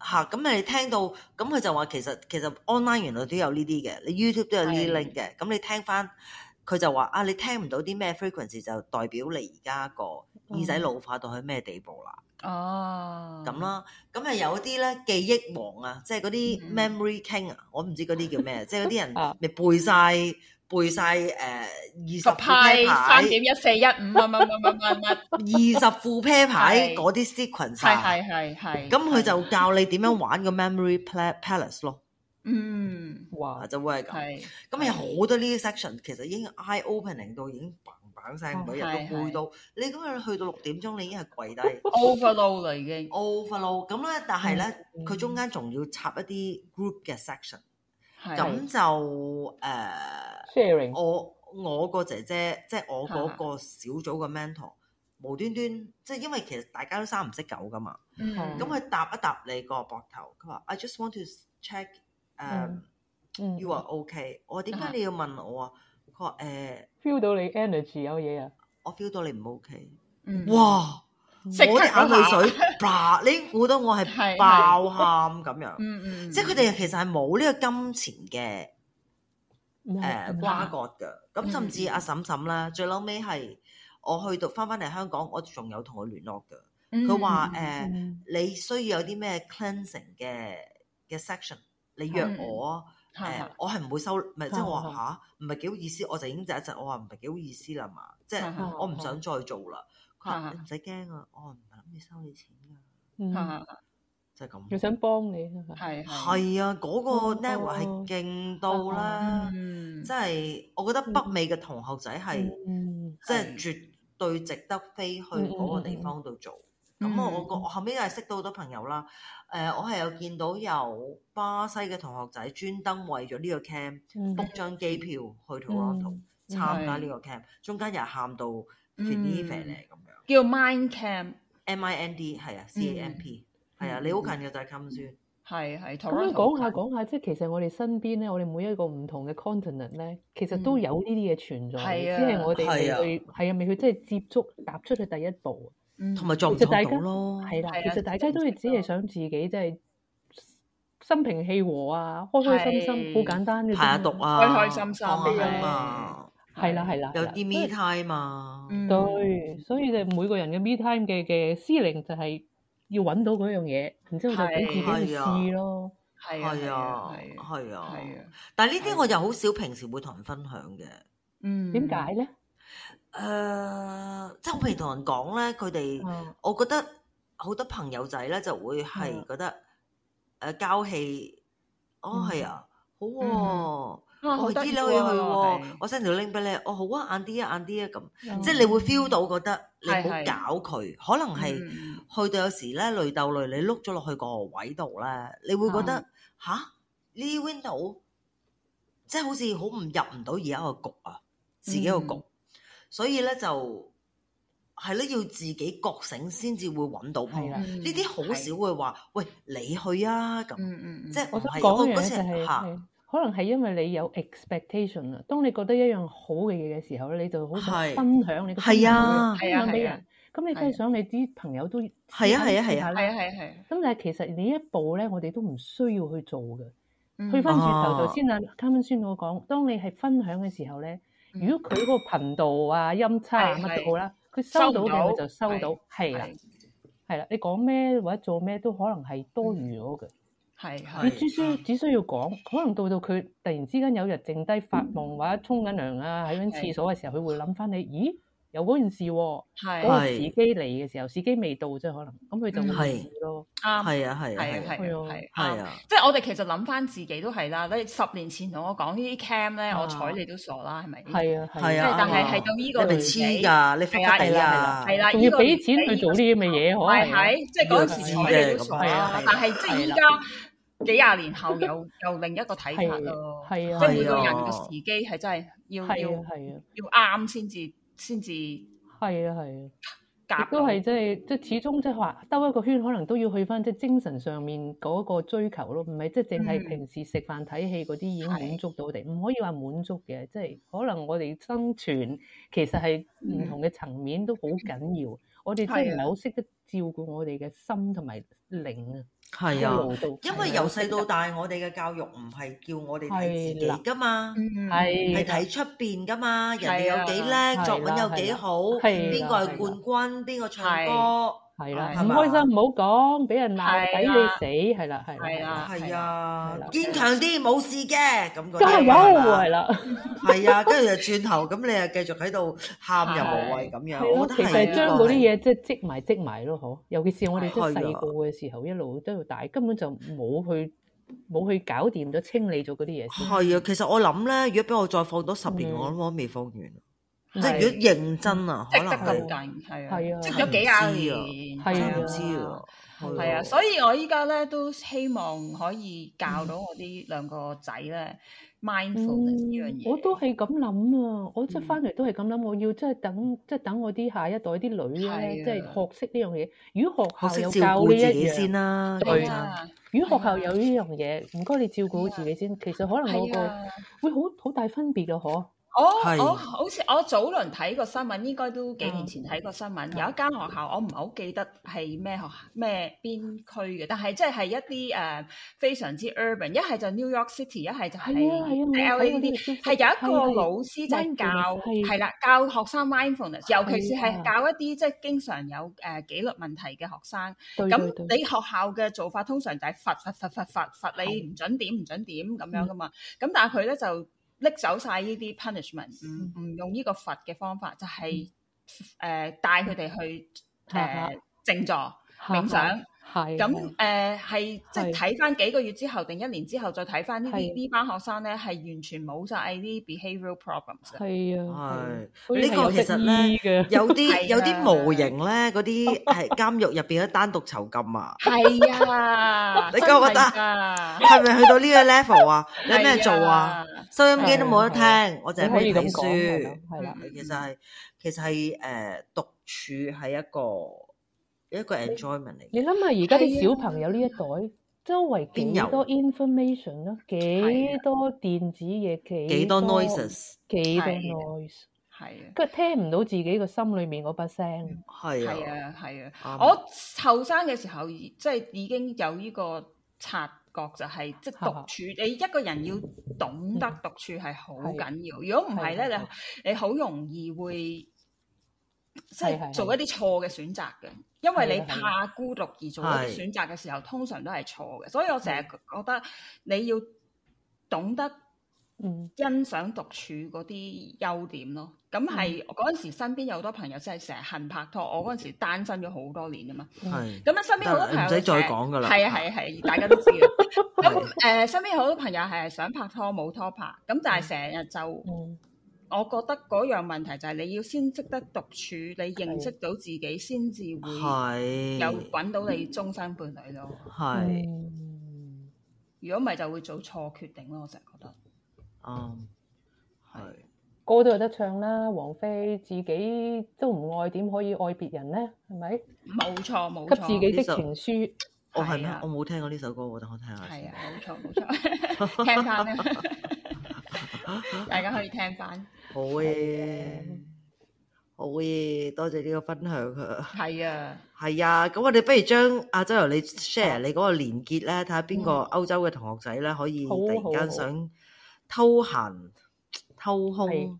吓，咁、oh. 嗯、你聽到咁佢、嗯、就話，其實其實 online 原來都有呢啲嘅，你 YouTube 都有呢啲 link 嘅，咁的你聽翻佢就話啊，你聽唔到啲咩 frequency 就代表你而家個。耳仔老化到去咩地步啦？哦，咁啦，咁係有啲咧記憶王啊，即係嗰啲 memory king 啊，我唔知嗰啲叫咩、啊，即係嗰啲人你背晒，背晒誒二十派，uh, 牌，牌 [LAUGHS] 三點一四一五乜乜乜乜乜乜，二、啊、十 [LAUGHS] 副 pair 牌嗰啲 sequence 係、啊、係係係，咁佢 [LAUGHS] 就教你點樣玩個 memory palace palace 咯。嗯，哇，就會係咁。咁 [LAUGHS] [LAUGHS] 有好多呢啲 section 其實已經 eye opening 到已經。硬晒，每日都背到。你咁樣去到六點鐘，你已經係跪低。Overflow 啦，已經。Overflow 咁咧，但係咧，佢中間仲要插一啲 group 嘅 section，咁就誒 sharing。我我個姐姐，即係我嗰個小組嘅 mentor，無端端，即係因為其實大家都三唔識九㗎嘛。咁佢搭一搭你個膊頭，佢話：I just want to check 誒，you are OK。我話：點解你要問我啊？佢話誒，feel 到你 energy 有嘢啊！我 feel 到你唔 OK。嗯，哇！我眼淚水，已經你估到我係爆喊咁樣。嗯嗯，即係佢哋其實係冇呢個金錢嘅誒瓜葛嘅。咁甚至阿嬸嬸啦，最後尾係我去到翻翻嚟香港，我仲有同佢聯絡嘅。佢話誒，你需要有啲咩 cleansing 嘅嘅 section？你約我。誒，我係唔會收，唔係即係我話嚇，唔係幾好意思，我就已經就一陣，我話唔係幾好意思啦嘛，即係我唔想再做啦。佢話唔使驚啊，我唔係諗住收你錢㗎，嚇，就係咁。佢想幫你，係係啊，嗰個 network 係勁到啦，即係我覺得北美嘅同學仔係即係絕對值得飛去嗰個地方度做。咁啊，我個我後屘又係識到好多朋友啦。誒，我係有見到有巴西嘅同學仔專登為咗呢個 camp，book 張機票去 Toronto 參、嗯、加呢個 camp，中間又喊到 festival、e e、咁、嗯、樣。叫 Mind camp m i n e、啊、camp，M I N D 係啊，C A M P 係、嗯、啊。你好近嘅、嗯啊、就係咁算。係係。咁樣講下講下，即係其實我哋身邊咧，我哋每一個唔同嘅 continent 咧，其實都有呢啲嘢存在，即係我哋未去係啊，未去即係接觸踏出去第一步。同埋做唔到咯？係啦，其實大家都係只係想自己即係心平氣和啊，開開心心，好簡單嘅排下毒啊，開開心心啊嘛，係啦係啦，有啲 me time 嘛，對，所以就每個人嘅 me time 嘅嘅心靈就係要揾到嗰樣嘢，然之後就俾佢哋試咯，係啊係啊係啊，但係呢啲我又好少平時會同人分享嘅，嗯，點解咧？誒，即係我譬如同人講咧，佢哋，我覺得好多朋友仔咧就會係覺得誒交氣，哦係啊，好喎，我依家可以去喎，我 send 條 link 俾你，哦好啊，晏啲啊，晏啲啊咁，即係你會 feel 到覺得你好搞佢，可能係去到有時咧，累鬥累，你碌咗落去個位度咧，你會覺得吓，呢啲 window，即係好似好唔入唔到而家個局啊，自己個局。所以咧就係咧，要自己覺醒先至會揾到。係啊，呢啲好少會話，喂，你去啊咁。嗯嗯，即係我想講嘅就係，可能係因為你有 expectation 啊。當你覺得一樣好嘅嘢嘅時候咧，你就好想分享。你係啊，係啊，畀人。咁你梗係想你啲朋友都係啊，係啊，係啊，係啊，係啊。咁但係其實呢一步咧，我哋都唔需要去做嘅。去翻轉頭頭先啦。Carmen 宣老講，當你係分享嘅時候咧。如果佢嗰個頻道啊、音差啊乜是都好啦，佢收到嘅佢就收到，係啦是，係啦的，你講咩或者做咩都可能係多餘咗嘅，係係。你只需要的只需要講，可能到到佢突然之間有日剩低發夢或者沖緊涼啊，喺緊廁所嘅時候，佢的會諗翻你，咦？有嗰件事，係嗰時機嚟嘅時候，時機未到即係，可能咁佢就唔知咯。啊，係啊，係啊，係啊，係啊，即係我哋其實諗翻自己都係啦。你十年前同我講呢啲 camp 咧，我睬你都傻啦，係咪？係啊，係啊，即係但係係到呢個嚟，你係黐㗎，你忽地㗎，係啦，要俾錢去做呢啲咁嘅嘢，可能，係咪？即係嗰時睬你都傻，但係即係依家幾廿年後又有另一個睇法咯。係啊，即係每個人嘅時機係真係要要要啱先至。先至係啊，係啊，夾、啊、都係即係即係，即係、始終即係話兜一個圈，可能都要去翻即係精神上面嗰個追求咯，唔係即係淨係平時食飯睇戲嗰啲已經滿足到我哋，唔的可以話滿足嘅，即、就、係、是、可能我哋生存其實係唔同嘅層面都好緊要。的我哋真係唔係好識得照顧我哋嘅心同埋靈啊，係啊，因為由細到大，我哋嘅教育唔係叫我哋睇自己噶嘛，係係睇出邊噶嘛，人哋有幾叻，作文有幾好，邊個係冠軍，邊個唱歌。係啦，唔開心唔好講，俾人鬧抵你死，係啦，係啦，係啊，堅強啲，冇事嘅，咁真係有。係啦，係啊，跟住就轉頭，咁你又繼續喺度喊又無謂咁樣，我覺得係其實將嗰啲嘢即係積埋積埋咯，嗬，尤其是我哋即係細個嘅時候一路都要大，根本就冇去冇去搞掂咗清理咗嗰啲嘢。係啊，其實我諗咧，如果俾我再放多十年，我諗我未放完。即係如果認真啊，積得咁近，係啊，積咗幾廿年，真係唔知啊。係啊，所以我依家咧都希望可以教到我啲兩個仔咧 mindfulness 呢樣嘢。我都係咁諗啊！我即係翻嚟都係咁諗，我要即係等，即係等我啲下一代啲女咧，即係學識呢樣嘢。如果學校有教呢一樣先啦，對啊。如果學校有呢樣嘢，唔該你照顧好自己先。其實可能我個會好好大分別啊，嗬？我我好似我早輪睇過新聞，應該都幾年前睇過新聞，有一間學校，我唔係好記得係咩學校咩邊區嘅，但係即係一啲誒非常之 urban，一係就 New York City，一係就係 LA 呢啲，係有一個老師真教係啦，教學生 mindfulness，尤其是係教一啲即係經常有誒紀律問題嘅學生。咁你學校嘅做法通常就係罰罰罰罰罰罰你唔准點唔准點咁樣噶嘛，咁但係佢咧就。拎走晒呢啲 punishment，唔用呢個罰嘅方法，就係誒帶佢哋去誒靜坐冥想。係咁誒係，是即係睇翻幾個月之後定一年之後，再睇翻呢啲呢班學生咧，係完全冇晒呢啲 behavioral problems。係啊，呢個其實咧有啲 [LAUGHS] 有啲模型咧，嗰啲係監獄入邊喺單獨囚禁啊。係啊，你覺覺得係咪去到呢個 level 啊？有咩做啊？收音機都冇得聽，我就係可以睇書。係啦，其實係其實係誒獨處係一個一個 enjoyment 嚟。你諗下而家啲小朋友呢一代，周圍幾多 information 咯，幾多電子嘢，幾多 noise，幾多 noise。係啊，佢聽唔到自己個心裏面嗰把聲。係啊，係啊，我後生嘅時候，即係已經有呢個插。覺就係即係獨處，你一個人要懂得獨處係好緊要。如果唔係咧， [NOISE] 你你好容易會即係、就是、做一啲錯嘅選擇嘅，因為你怕孤獨而做一啲選擇嘅時候， [NOISE] 通常都係錯嘅。所以我成日覺得你要懂得欣賞獨處嗰啲優點咯。咁係嗰陣時，身邊有好多朋友真係成日恨拍拖。我嗰陣時單身咗好多年噶嘛，咁啊身邊好多朋友唔使再講噶啦，係啊係啊係，大家都知。咁誒，身邊好多朋友係想拍拖冇拖拍，咁但係成日就，我覺得嗰樣問題就係你要先識得獨處，你認識到自己先至會有揾到你終生伴侶咯。係，如果唔係就會做錯決定咯。我成日覺得啱係。歌都有得唱啦，王菲自己都唔愛，點可以愛別人咧？係咪？冇錯冇錯，給自己的情書。哦啊、係咩？我冇聽過呢首歌喎，等我，我聽下。係啊，冇錯冇錯，錯 [LAUGHS] 聽翻咧， [LAUGHS] 大家可以聽翻。好嘅耶，的好嘅，多謝呢個分享啊。係啊，係啊，咁我哋不如將阿周游你 share 你嗰個連結咧，睇下邊個歐洲嘅同學仔咧可以突然間想偷閒。嗯偷空是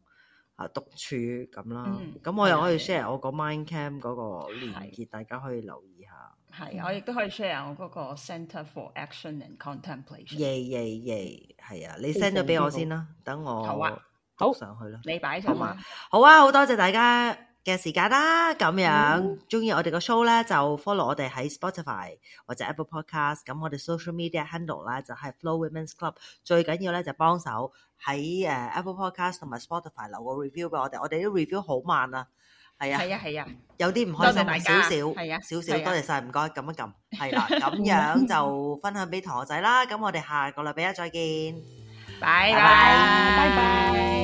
啊，獨處咁啦，咁、嗯、我又可以 share 是我 mind 個 Mindcamp 嗰個鏈接，是大家可以留意下。係，我亦都可以 share、嗯、我嗰個 Center for Action and Contemplation。耶耶耶，係啊，你 send 咗俾我先啦，等我好啊，好上去啦。好，你擺上去好啊，好啊，好多謝大家。嘅時間啦，咁樣中意我哋個 show 咧，就 follow 我哋喺 Spotify 或者 Apple Podcast，咁我哋 social media handle 啦就係 Flo Women's Club，最緊要咧，就幫手喺誒 Apple Podcast 同埋 Spotify 留個 review 俾我哋，我哋啲 review 好慢啊，係啊係啊係啊，有啲唔開心少少，少少，多謝晒唔該，撳一撳，係啦，咁樣就分享俾同學仔啦，咁我哋下個禮拜一再見，拜拜拜拜。